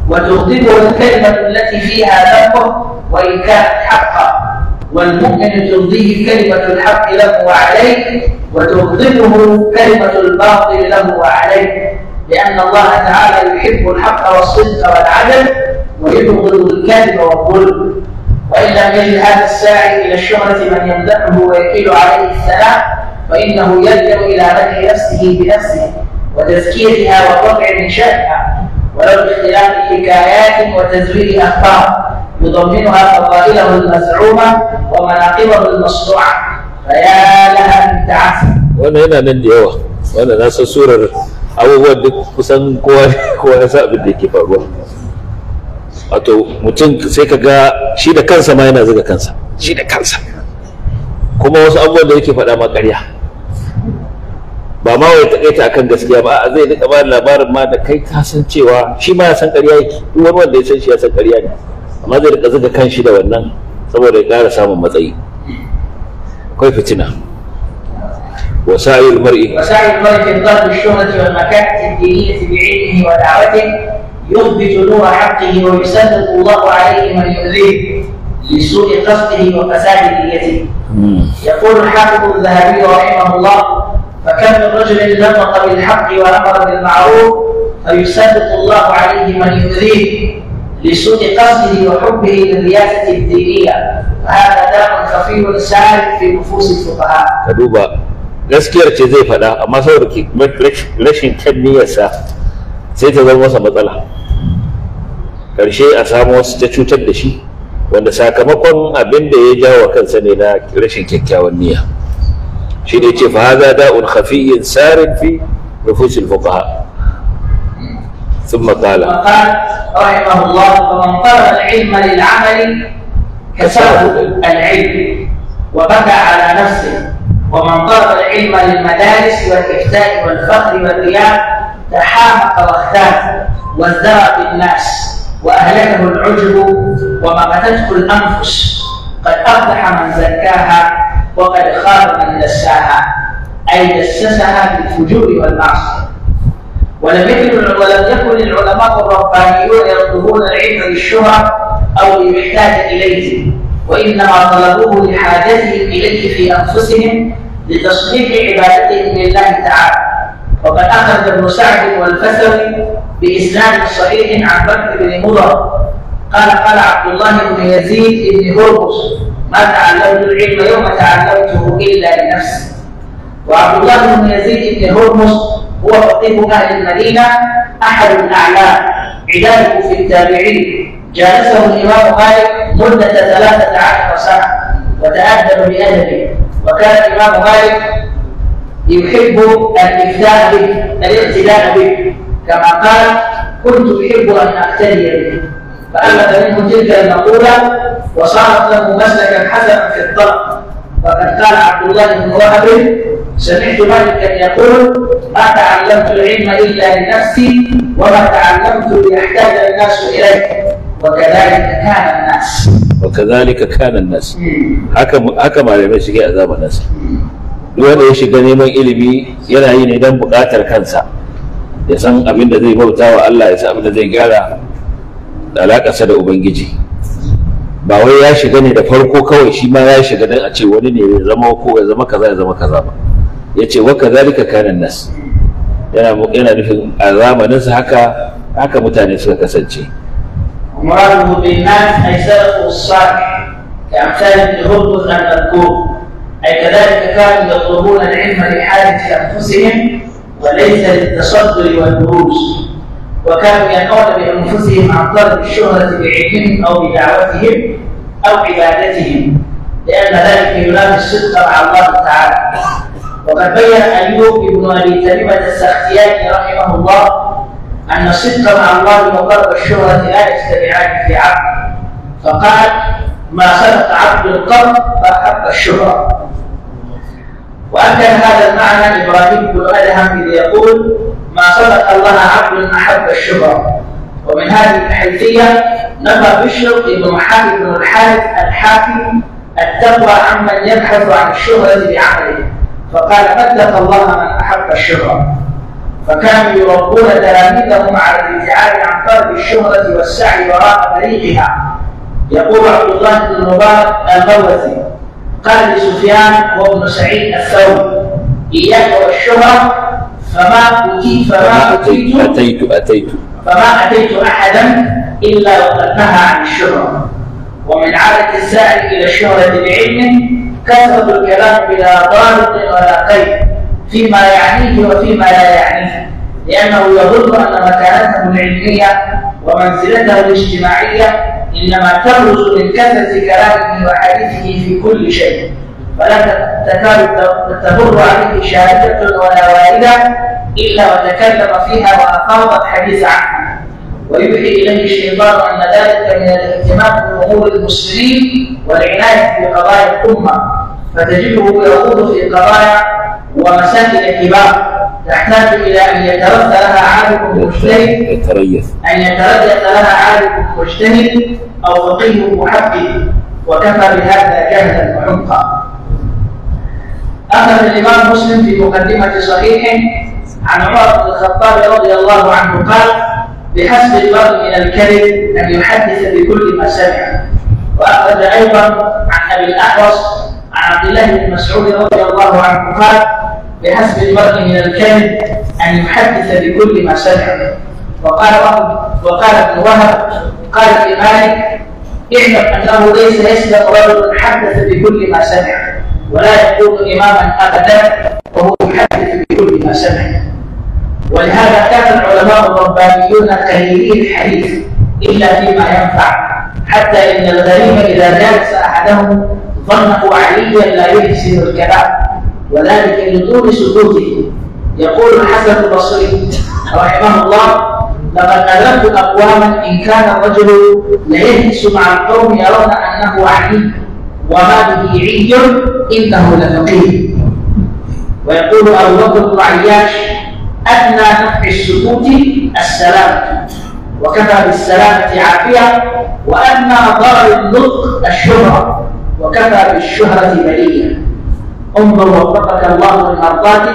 وتغضبه الكلمه التي فيها ذنبه وان كانت حقا والمؤمن ترضيه كلمة الحق له وعليه وتغضبه كلمة الباطل له وعليه لأن الله تعالى يحب الحق والصدق والعدل ويبغض الكذب والظلم وإن لم يجد هذا الساعي إلى الشهرة من يمدحه ويكيل عليه الثناء فإنه يلجأ إلى مدح نفسه بنفسه وتزكيتها والرفع من شأنها ولو باختلاف حكايات وتزوير أخبار يضمنها فضائله المزعومة ومناقبه المشروعة فيا لها من تعسف وانا هنا نندي هو وانا ناس سورة abubuwan duk kusan kowa kowa ya sa abin da yake faruwa wato mutum sai ka ga shi da kansa ma yana zuga kansa shi da kansa kuma wasu abubuwan da yake faɗa ma ƙarya ba ma wai takaita akan gaskiya ba a zai rika ba labarin ma da kai ka san cewa shi ma ya san ƙarya yake duk wani wanda ya san shi ya san ƙarya ne ما zai rika كان شيء shi da wannan قال ya ƙara كيف matsayi akwai المرء وسعي المرء في طلب الشهرة والمكانة الدينية بعلمه ودعوته يثبت نور حقه ويسلط الله عليه من يؤذيه لسوء قصده وفساد نيته. يقول الحافظ الذهبي رحمه الله فكم من رجل نطق بالحق وامر بالمعروف فيسلط الله عليه من يؤذيه لسوء قصده وحبه للرياسه الدينيه هذا داء خفي سائل في نفوس الفقهاء. تدوبا غسكي ارتي زي فدا اما صور كي رشين كم نية سا زي تزوم وصا مطلع كرشي اسامو ستشو تدشي wanda sakamakon abin da ya jawo kansa ne na rashin kyakkyawan niyya shi ne ya ce fa hada ثم قال وقال رحمه الله فمن طلب العلم للعمل كسره العلم وبكى على نفسه ومن طلب العلم للمدارس والافتاء والفخر والرياء تحامق واختاف وازدرى بالناس واهلكه العجب ومقتته الانفس قد افلح من زكاها وقد خاب من دساها اي دسسها بالفجور والمعصيه ولم يكن ولم يكن العلماء الربانيون يطلبون العلم للشهرة أو للمحتاج إليه وإنما طلبوه لحاجتهم إليه في أنفسهم لتصنيف عبادتهم لله تعالى وقد أخذ ابن سعد والفسوي بإسناد صحيح عن بكر بن مضر قال قال عبد الله بن يزيد بن هرمز ما تعلمت العلم يوم تعلمته إلا لنفسي وعبد الله بن يزيد بن هرمز هو فقيه أهل المدينة أحد الأعلام عداله في التابعين جالسه الإمام مالك مدة ثلاثة عشر سنة وتأدب بأدبه وكان الإمام مالك يحب الإفتاء به الاقتداء به كما قال كنت أحب أن أقتدي به فألف منه تلك المقولة وصارت له مسلكا حسنا في الطلب وقد قال عبد الله بن وهب سمعت مالكا يقول ما تعلمت العلم الا لنفسي وما تعلمت ليحتاج الناس اليه وكذلك كان الناس وكذلك كان الناس haka haka malamai suke a zamanin sa wanda ya shiga neman ilimi yana yi ne don buƙatar kansa ya san abin da zai bauta wa Allah ya san abin da zai gyara alaƙarsa da Ubangiji ba wai ya shiga ne da farko kawai shi ma ya shiga dan a ce wani ne ya zama ko ya zama kaza ya zama kaza ba yace wa kadhalika kana nas yana yana nufin a zamanin sa haka haka mutane suka kasance ومراده بالناس أي سلف الصالح كأمثال ابن هرمز المذكور أي كذلك كانوا يطلبون العلم لحاجة أنفسهم وليس للتصدر والدروس وكانوا ينوون بأنفسهم عن طلب الشهرة بعلمهم أو بدعوتهم أو عبادتهم لأن ذلك ينافي الصدق مع الله تعالى وقد بين أيوب بن أبي تميمة السختياني رحمه الله أن الصدق مع الله وطلب الشهرة لا يجتمعان في عبد فقال ما صدق عبد القرب فأحب الشهرة وأكد هذا المعنى إبراهيم بن أدهم إذ يقول ما صدق الله عبد أحب الشهرة ومن هذه الحيثية نرى بشر ابن محمد بن الحارث الحاكم التقوى عمن يبحث عن الشهرة بعمله فقال اتق الله من أحب الشهرة فكانوا يربون تلاميذهم على الابتعاد عن طلب الشهرة والسعي وراء طريقها يقول عبد الله بن المبارك الغوثي قال لسفيان وابن سعيد الثوري إياك والشهرة فما أتيت فما أتيت أتيت أتيت فما أتيت أحدا إلا وقد نهى عن الشهرة ومن عادة السائل إلى الشهرة بعلم كثرة الكلام بلا ضابط ولا قيد فيما يعنيه وفيما لا يعنيه لأنه يظن أن مكانته العلمية ومنزلته الاجتماعية إنما تبرز من كثرة كلامه وحديثه في كل شيء ولا تكاد تمر عليه شاهدة ولا واردة إلا وتكلم فيها وأفاضت الحديث عنها ويوحي إليه الشيطان أن ذلك من الاهتمام بأمور المسلمين والعناية بقضايا الأمة فتجده يخوض في قضايا ومسائل كبار تحتاج إلى أن يترث لها عالم مجتهد أن يترث لها عالم مجتهد أو فقيه محدد وكفى بهذا جهلا وعمقا أخذ الإمام مسلم في مقدمة صحيحه عن عمر بن الخطاب رضي الله عنه قال بحسب المرء من الكذب أن يحدث بكل ما سمع وأخذ أيضا عن أبي الأحوص عن عبد الله بن مسعود رضي الله عنه قال بحسب المرء من الكذب أن يحدث بكل ما سمع وقال وقال ابن وهب قال في مالك اعلم أنه ليس يسبق رجل حدث بكل ما سمع ولا يكون إماما أبدا وهو محدث بكل ما سمع ولهذا كان العلماء الربانيون كثيري الحديث إلا فيما ينفع حتى إن الغريب إذا جالس أحدهم ظنه عليا لا يحسن الكلام وذلك لطول سكوته يقول الحسن البصري رحمه الله لقد أذنت أقواما إن كان الرجل ليجلس مع القوم يرون أنه عليم وهذه عي إنه لفقيه ويقول أبو بكر بن عياش أدنى فتح السكوت السلام وكفى بالسلامة عافية وأدنى ضرر النطق الشهرة وكفى بالشهرة بلية انظر وفقك الله من أرضاك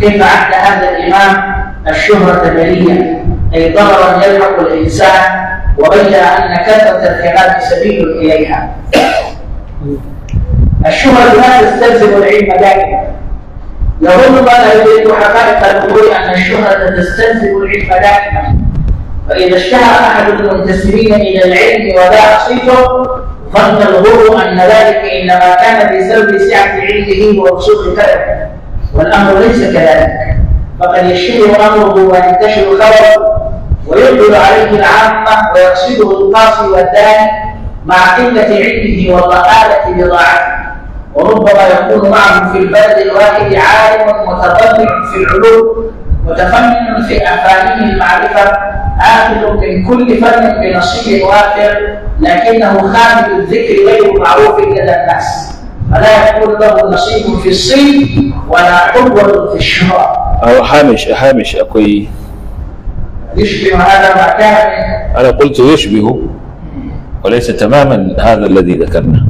كيف عد هذا الإمام الشهرة بلية أي ضررا يلحق الإنسان وبين أن كثرة الخلاف سبيل إليها الشهرة لا تستلزم العلم دائما يظن ما يريد حقائق الأمور أن الشهرة تستلزم العلم دائما فإذا اشتهر أحد المنتسبين إلى العلم وباع صيته ظن الغر أن ذلك إنما كان بسبب سعة علمه وبسوط كلامه والأمر ليس كذلك فقد يشتهر أمره وينتشر خبره ويقبل عليه العامة ويقصده القاصي والداني مع قلة علمه وضلالة بضاعته وربما يكون معه في البلد الواحد عالم متطلع في العلوم متفنن في أفانيه المعرفة آخذ من كل فن بنصيب وافر لكنه خامد الذكر غير معروف لدى الناس فلا يكون له نصيب في الصيد ولا عضو في الشراء أو هامش هامش أقوي يشبه هذا ما كان أنا قلت يشبه وليس تماما هذا الذي ذكرناه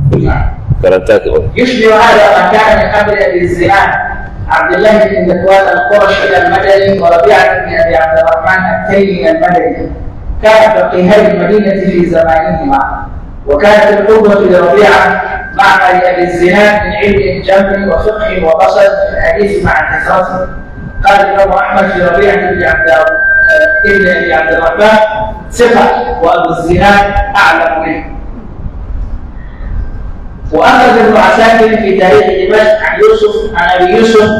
كرنتات نعم. يشبه هذا ما كان قبل ابي الزناد عبد الله بن ذكوان القرشي المدني وربيعه بن ابي عبد الرحمن التيمي المدني كان فقيهي المدينه في زمانهما وكانت القوة لربيعه مع ابي الزناد من علم الجمع وفقه وبصر من حديث مع كثرته قال الامام احمد في ربيعه بن عبد الله ابن ابي عبد الرحمن ثقه وابو الزناد اعلم منه واخذ ابن عساكر في تاريخ دمشق عن يوسف عن ابي يوسف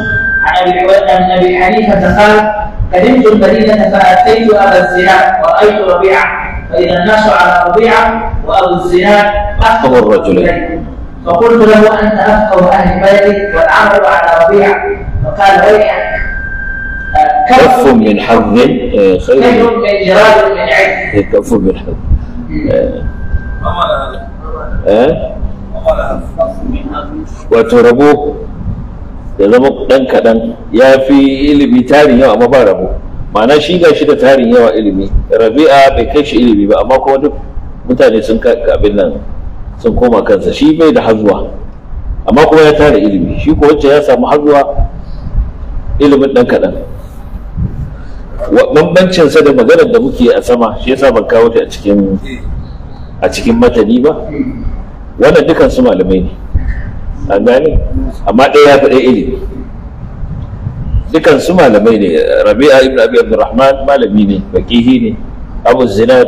عن ابي عن ابي حنيفه قال قدمت المدينه فاتيت ابا الزناد ورايت ربيعه فاذا الناس على ربيعه وابو الزناد اخطب الرجلين فقلت له انت افقه اهل بلدك والعمل على ربيعه فقال ويحك كف من حظ خير wato rabo da zama ɗan kaɗan ya fi ilimi tarin yawa amma ba rabo ma'ana shi shi da tarin yawa ilimi rabi'a bai kai shi ilimi ba amma kuma duk mutane sun abin koma kansa shi bai da hazuwa amma kuma ya tara ilimi shi ko ya samu hazuwa ilimin ɗan kaɗan bambancin sa da maganar da muke a sama shi yasa ban kawo ta a cikin a cikin matani ba wannan dukan su malamai ne an gane amma ɗaya ya fi ɗaya ilimi dukan su malamai ne rabi'a ibn abi abdurrahman malami ne faqihi ne abu zinad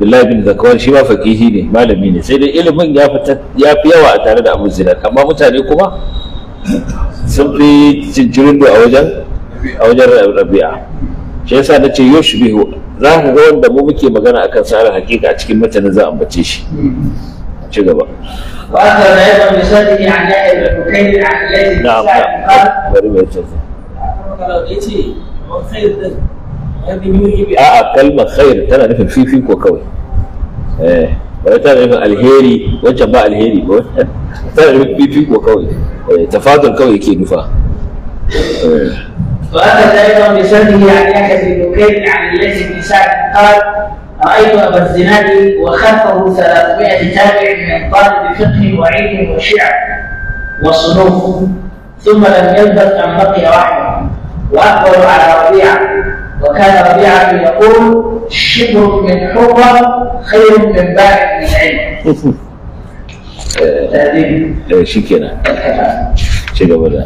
billahi bin zakwan shi ma faqihi ne malami ne sai dai ilimin ya fi yawa a tare da abu zinad amma mutane kuma sun fi cincirin a wajen a wajen rabi'a shi yasa na ce yushbihu za ka ga wanda mu muke magana akan sarar hakika a cikin matanin za a ambace shi ci gaba وأخذ أيضا بسنده عن يحيى بن بكير عن الليث نعم نعم a'a kalmar khair tana nufin fifiko kawai eh ba tana nufin alheri wancan ba alheri ba tana nufin fifiko kawai tafadul kawai yake nufa وأخذ أيضا بسنده عن يحيى بن بكير عن الليث بن سعد قال رأيت أبا الزناد وخلفه 300 تابع من طالب فقه وعلم وشعر وصنوف ثم لم يلبث أن بقي وحده وأقبل على ربيعة وكان ربيعة يقول شبر من حرة خير من باع من علم. تهذيب. إيه، شكرا. شكرا.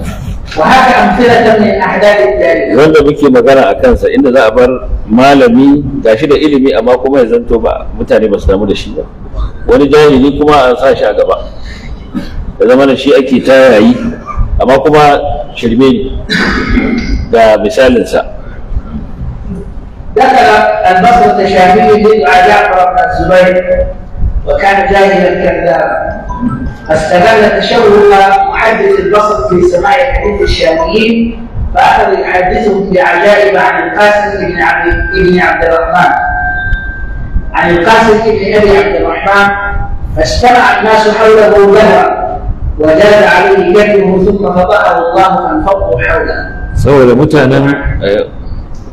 وهذا أمثلة من أحداث التاريخ wanda muke magana a kansa inda za a bar malami gashi da ilimi amma kuma ya zanto ba mutane ba su damu da shi ba wani jahili kuma an sa shi a gaba da zama da shi ake ta yayi amma kuma shirme ne ga misalinsa ذكر البصر الشامي يدعى جعفر بن الزبير وكان جاهلا كذابا فاستغل تشوه محدث البصر في سماع حديث الشاميين فأخذ يحدثهم بعجائب عن القاسم بن عبد بن عبد الرحمن عن القاسم بن أبي عبد الرحمن فاجتمع الناس حوله لها وجاد عليه كلمه ثم فطأه الله فانفضوا حوله. سوى mutanen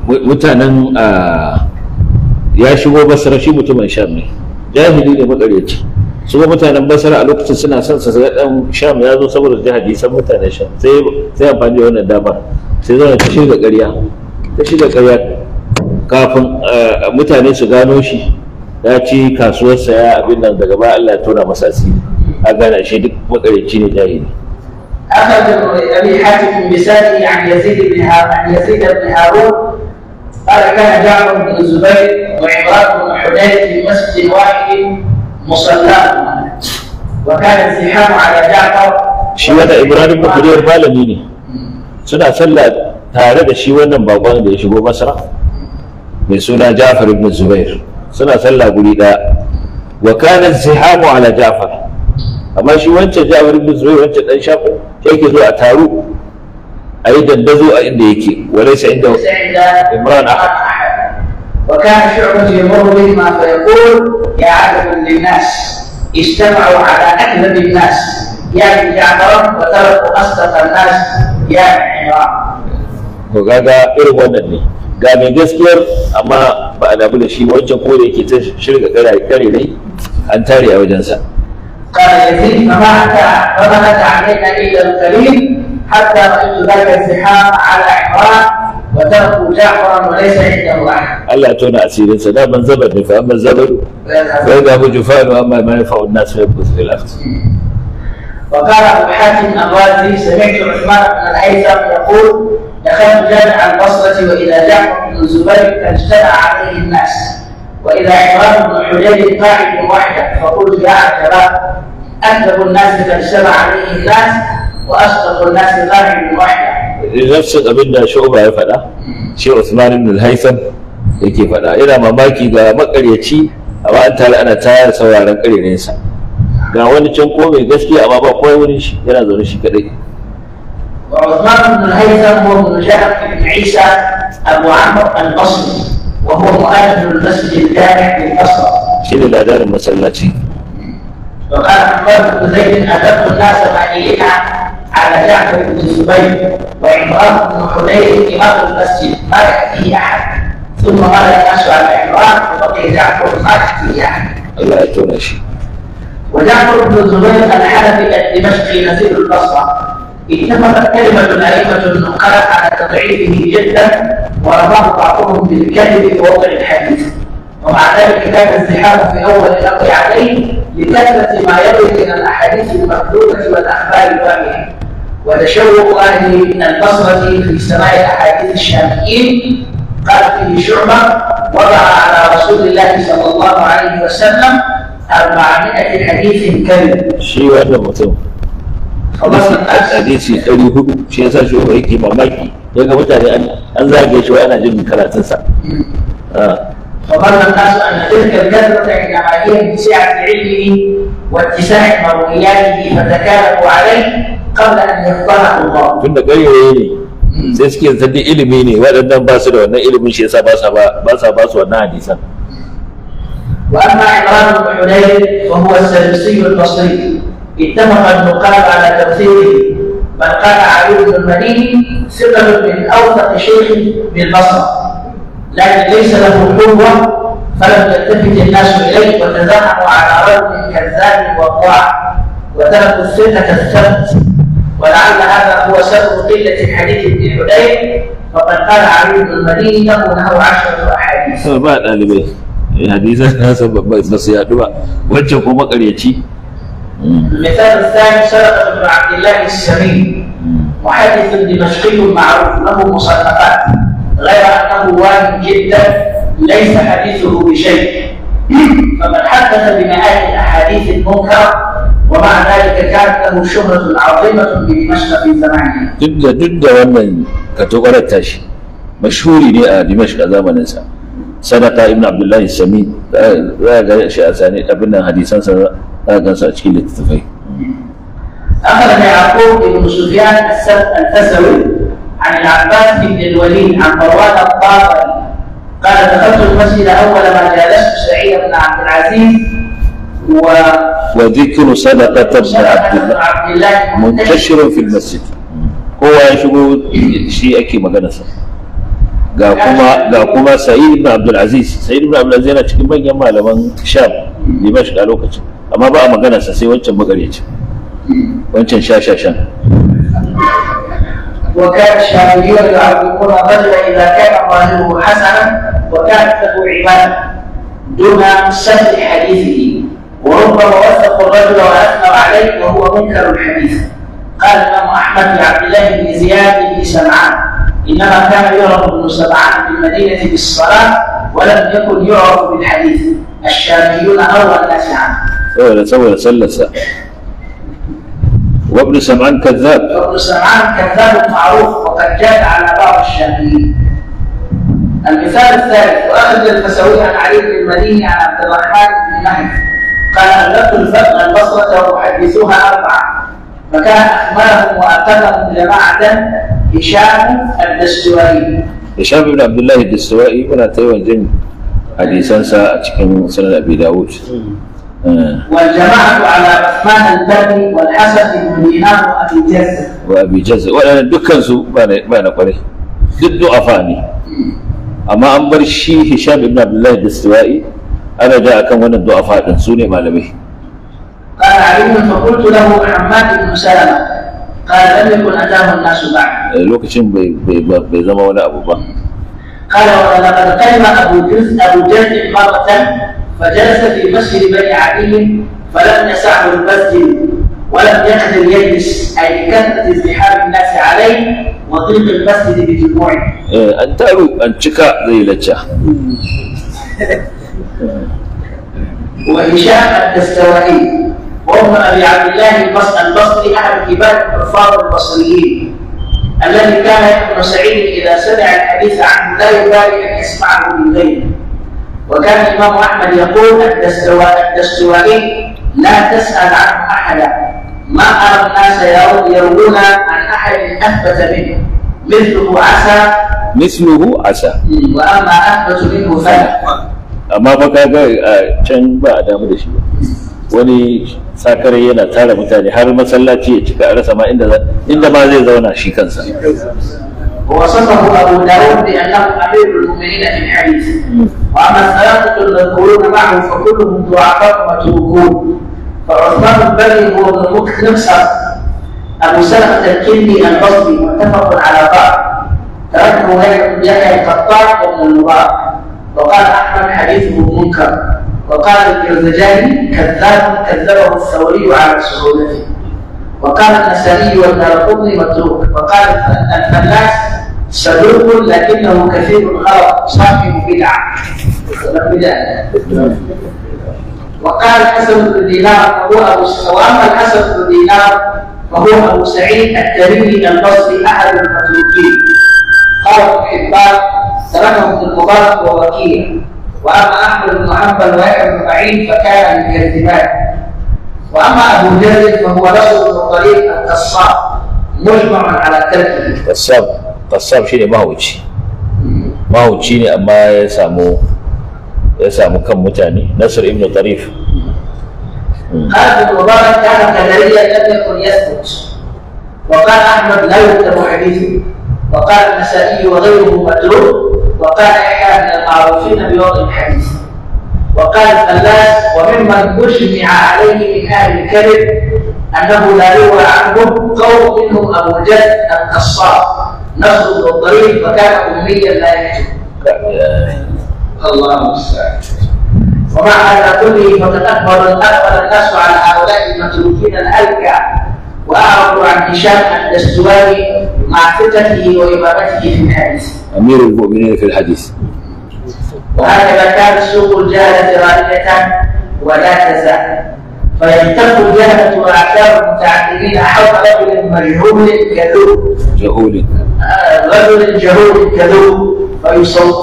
mutanen أيوه. آه، يا شباب basra shi من شامي. ne jahili ne su ga mutanen basara a lokacin suna son su ga dan sham ya zo saboda ji hadisan mutanen sham sai sai amfani da wannan dama sai zo ta shirya ƙarya ta shirya ƙarya kafin eh, mutane su gano shi ya ci kasuwar ya abin nan daga ba Allah ya tona masa asiri a gana shi duk makarici ne jahili أخذ أبي حاتم بساته عن يزيد بن عن يزيد بن هارون قال كان جعفر بن الزبير وعمران بن حنين في مسجد واحد مصلاهما وكان الزحام على جعفر shi wannan ibrahim makulir malami ne suna sallah tare da shi wannan bakon da ya shigo basra mai suna jafar ibn zubair suna sallah guri daya wa kana zihamu ala jafar amma shi wancan jafar ibn zubair wancan dan shafo yake zo a taru a yi dandazo a inda yake wa laysa inda imran ahad وكان شعبة يمر بهما فيقول يا عجبا للناس اجتمعوا على أكذب الناس يا بن جعفر وتركوا أصدق الناس يا بن عمران وكذا إرغونا مني mai gaskiyar amma ba a damu da shi wancan ko da yake ta shirga kare ne قال يزيد فما أتى فما أتى علينا إلا القليل حتى رأيت ذاك الزحام على عمران وتركوا جعفرا وليس عنده احد. الا يعطونا اسيرا دائما زبد فاما الزبد فيذهب جفاء واما ما ينفع الناس فيبقى في الاخر. وقال ابو حاتم الرازي سمعت عثمان بن الهيثم يقول دخلت جامع البصره واذا جعفر بن الزبير قد اجتمع عليه الناس واذا عمران بن حجاج قاعد وحده فقلت يا الله اكذب الناس قد اجتمع عليه الناس واصدق الناس قرن واحدا nafsin abin da shu'ba ya faɗa shi Usman ibn al-Haytham yake faɗa ina mamaki ga makaryaci amma an tare ana tayar sauraron ƙarerensa ga wani can ko mai gaskiya amma ba kowa wurin shi yana zaune shi kadai وعثمان بن الهيثم هو ابن جعفر بن عيسى ابو عمرو البصري وهو مؤذن المسجد الجامع بالبصره. شنو الاذان المسلتي؟ وقال عمر بن زيد ادب الناس بعيدها على جعفر بن الزبير وعمران بن حنين في امام المسجد ما ياتيه احد ثم قال الناس على عمران وبقي جعفر ما ياتيه احد. الله شيء. وجعفر بن الزبير الحنفي الدمشقي نزيل البصره اتفقت كلمة أئمة نقلت على تضعيفه جدا ورماه بعضهم بالكذب في وضع الحديث ومع ذلك كان الزحام في أول الأمر عليه لكثرة ما يروي من الأحاديث المقلوبة والأخبار الوامية وتشوق اهل من البصرة في سماع أحاديث الشافعيين قال فيه شعبة وضع على رسول الله صلى الله عليه وسلم 400 حديث كذب شيء واحد hadisi ɗari hudu shi yasa shi ba yake mamaki ya ga mutane an zage shi wa ana jin karatunsa. فظن الناس ان تلك الكثره انما هي من علمه واتساع مروياته فتكالبوا عليه قبل أن يفقهه الله tunda gayoyi ne sai suke yanzu duk ilimi ne waɗannan ba su da wannan ilimin shi yasa ba sa ba sa ba su wannan hadisan wa amma imran ibn hunayr wa huwa as-sadusi al-basri ittafaqa an-nuqat ala tafsirihi بل قال علي بن المديني ثقة من أوثق شيخ بالبصرة لكن ليس له قوة فلم يلتفت الناس إليه وتزاحموا على رجل كذاب وقاع وتركوا الثقة الثبت ولعل هذا هو سبب قلة الحديث في حدين فقد قال علي بن المدين له نحو عشرة أحاديث. إيه، سبب أهل بيت hadisan nasa ba su yaɗu الثاني سرقة بن عبد الله السمين محدث دمشقي معروف له مصنفات غير أنه وان جدا ليس حديثه بشيء فمن حدث بمئات الأحاديث المنكرة ومع ذلك كانت له شهرة عظيمة في دمشق في زمانه. جدا جدا ومن كتقول التاشي مشهور لي آه، دمشق زمن الإنسان. صدق ابن عبد الله السمين لا غير شيء ثاني ابن حديثا لا كان ساكن للتفاي اخذ يعقوب ابن سفيان الفسوي عن العباس بن الوليد عن مروان الطاهر قال دخلت المسجد اول ما جالست سعيد بن عبد العزيز وذكر صدقة ابن عبد الله منتشر في المسجد هو يشغل شيء كي ما قال كما كما سعيد بن عبد العزيز سعيد بن عبد العزيز لكن ما جمع له من شاب دمشق على وقت اما بقى ما قال سي وانت ما قال يجي وانت شاشة شان وكان الشافعي القرى الا اذا كان ظاهره حسنا وكان له عباده دون سهل حديثه وربما وثقوا الرجل واثنوا عليه وهو منكر الحديث قال الامام احمد لعبد الله بن زياد بن سمعان انما كان يعرف ابن سمعان في المدينه بالصلاه ولم يكن يعرف بالحديث الشاميون اروى الناس عنه. إيه، سوى سوى سلسه وابن سمعان كذاب وابن سمعان كذاب معروف وقد جاد على بعض الشاميين المثال الثالث واخذ الفسوي عن علي بن المديني عن عبد الرحمن بن مهدي قال ألفت الفتن البصرة وأحدثوها أربعة فكان أحماهم وأتمهم جماعة هشام الدستوائي هشام بن عبد الله الدستوائي ولا تيوان حديثاً سأتكلم من سنة أبي داود آه. والجماعة على عثمان البني والحسن بن دينار وأبي جزء وأبي جزء وأنا دكان سو ما نقوله ضد أفاني أما أمر الشيخ هشام بن عبد الله الدستوائي أنا جاء كم wannan du'a fadin ما لبيه قال علي فقلت له عمات بن سلمة قال لم يكن أتاه الناس بعد آه، لوكشن بي بي بي زما ولا أبو بكر قال ولقد كلم أبو جرد أبو جرد مرة فجلس في مسجد بني عدي فلم يسعه المسجد ولم يقدر يجلس اي كثرة ازدحام الناس عليه وضيق المسجد بجموعه. آه، أنت أبو ان زي لتشا. وهشام الدستوائي وابن ابي عبد الله البصري احد كبار الحفاظ البصريين الذي كان ابن سعيد اذا سمع الحديث عنه لا يبالي ان يسمعه من غيره وكان الامام احمد يقول الدستوائي لا تسال عنه احدا ما ارى الناس يروون عن احد اثبت منه مثله عسى مثله عسى واما اثبت منه فلا amma fa kaga can ba a da shi wani sakare yana tara mutane har masallaci ya cika rasa ma inda inda ma zai zauna shi kansa وصفه أبو داود بأنه أمير المؤمنين من عيسى وأما الثلاثة المذكورون معه فكلهم ضعفاء متروكون فعثمان البري هو من مكسر أبو سلمة الكندي البصري متفق على بعض تركه يحيى القطان ابن المبارك وقال أحمد حديثه منكر وقال البرزجاني كذاب كذبه الثوري على سهولته وقال النسائي والدارقطني متروك وقال الفلاس صدوق لكنه كثير الخلق صاحب بدعة وقال الحسن بن دينار وهو أبو وأما الحسن بن دينار وهو أبو سعيد التميمي البصري أحد المتروكين قال ابن حبان سنده ابن المبارك ووكيع واما احمد بن حنبل ويحيى بن معين فكان من الاتباع واما ابو جهل فهو له من طريق القصاب مجمع على تركه قصاب قصاب شيء ما هو شيء ما هو شيء اما يسامو يسامو كم متاني نصر ابن طريف قال ابن مبارك كان قدريا لم يكن يثبت وقال احمد لا يكتب حديثه وقال النسائي وغيره متروك وقال يحيى من المعروفين بوضع الحديث وقال الفلاس وممن اجمع عليه من اهل الكذب انه لا يروى عنهم قوم منهم ابو جد القصاب نصر بن الطريق وكان اميا لا يكتب الله المستعان ومع هذا كله فقد اقبل اقبل الناس على هؤلاء المتروكين الالكى واعرضوا عن هشام الدستواني مع ثقته وإمامته في الحديث أمير المؤمنين في الحديث وهكذا كانت سوق الجهلة غالية ولا تزال فيلتف الجهلة وأعداء المتعددين حول رجل مجهول كذوب جهول آه، رجل جهول كذوب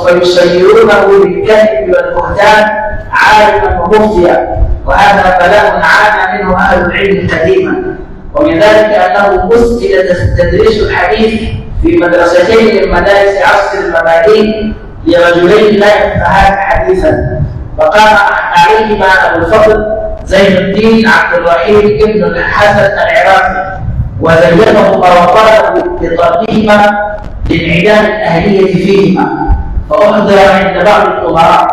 فيسيرونه بالكذب والبهتان عالما ومفتيا وهذا بلاء عانى منه أهل العلم قديما ومن ذلك أنه أسئل تدريس الحديث في مدرستين من مدارس عصر المماليك لرجلين لا يفقهان حديثا فقام عليهما أبو الفضل زين الدين عبد الرحيم بن الحسن العراقي وزينه وطلبه بطردهما لانعدام الأهلية فيهما فأحضر عند بعض الأمراء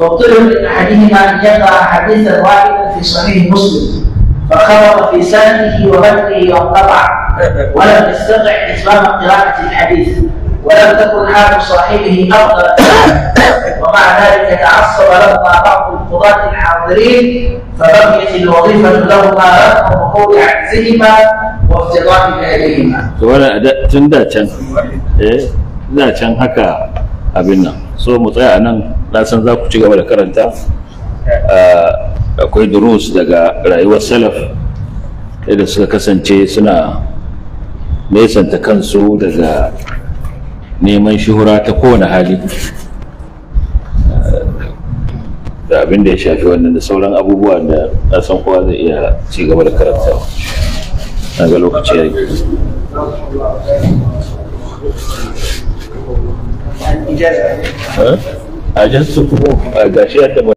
فاطلب من أحدهما أن يقرأ حديثا واحدا في صحيح مسلم فخرق في سنده وبدنه وانقطع ولم يستطع إتمام قراءة الحديث ولم تكن حال صاحبه أفضل ومع ذلك تعصب لهما بعض القضاة الحاضرين فبقيت الوظيفة لهما رغم وقوع عجزهما وافتضاح بأيديهما. ولا تندا تن إيه da can haka abin nan so لا tsaya nan na كرنتا Eh, akwai durus daga rayuwar salaf da suka kasance suna nesanta kansu daga neman shuhura ta kowane hali eh, da abin da ya shafi wannan da sauran abubuwa da na san kowa zai iya ci gaba da karanta na ga lokaci ya yi eh? ajiyar su kuma gashi ya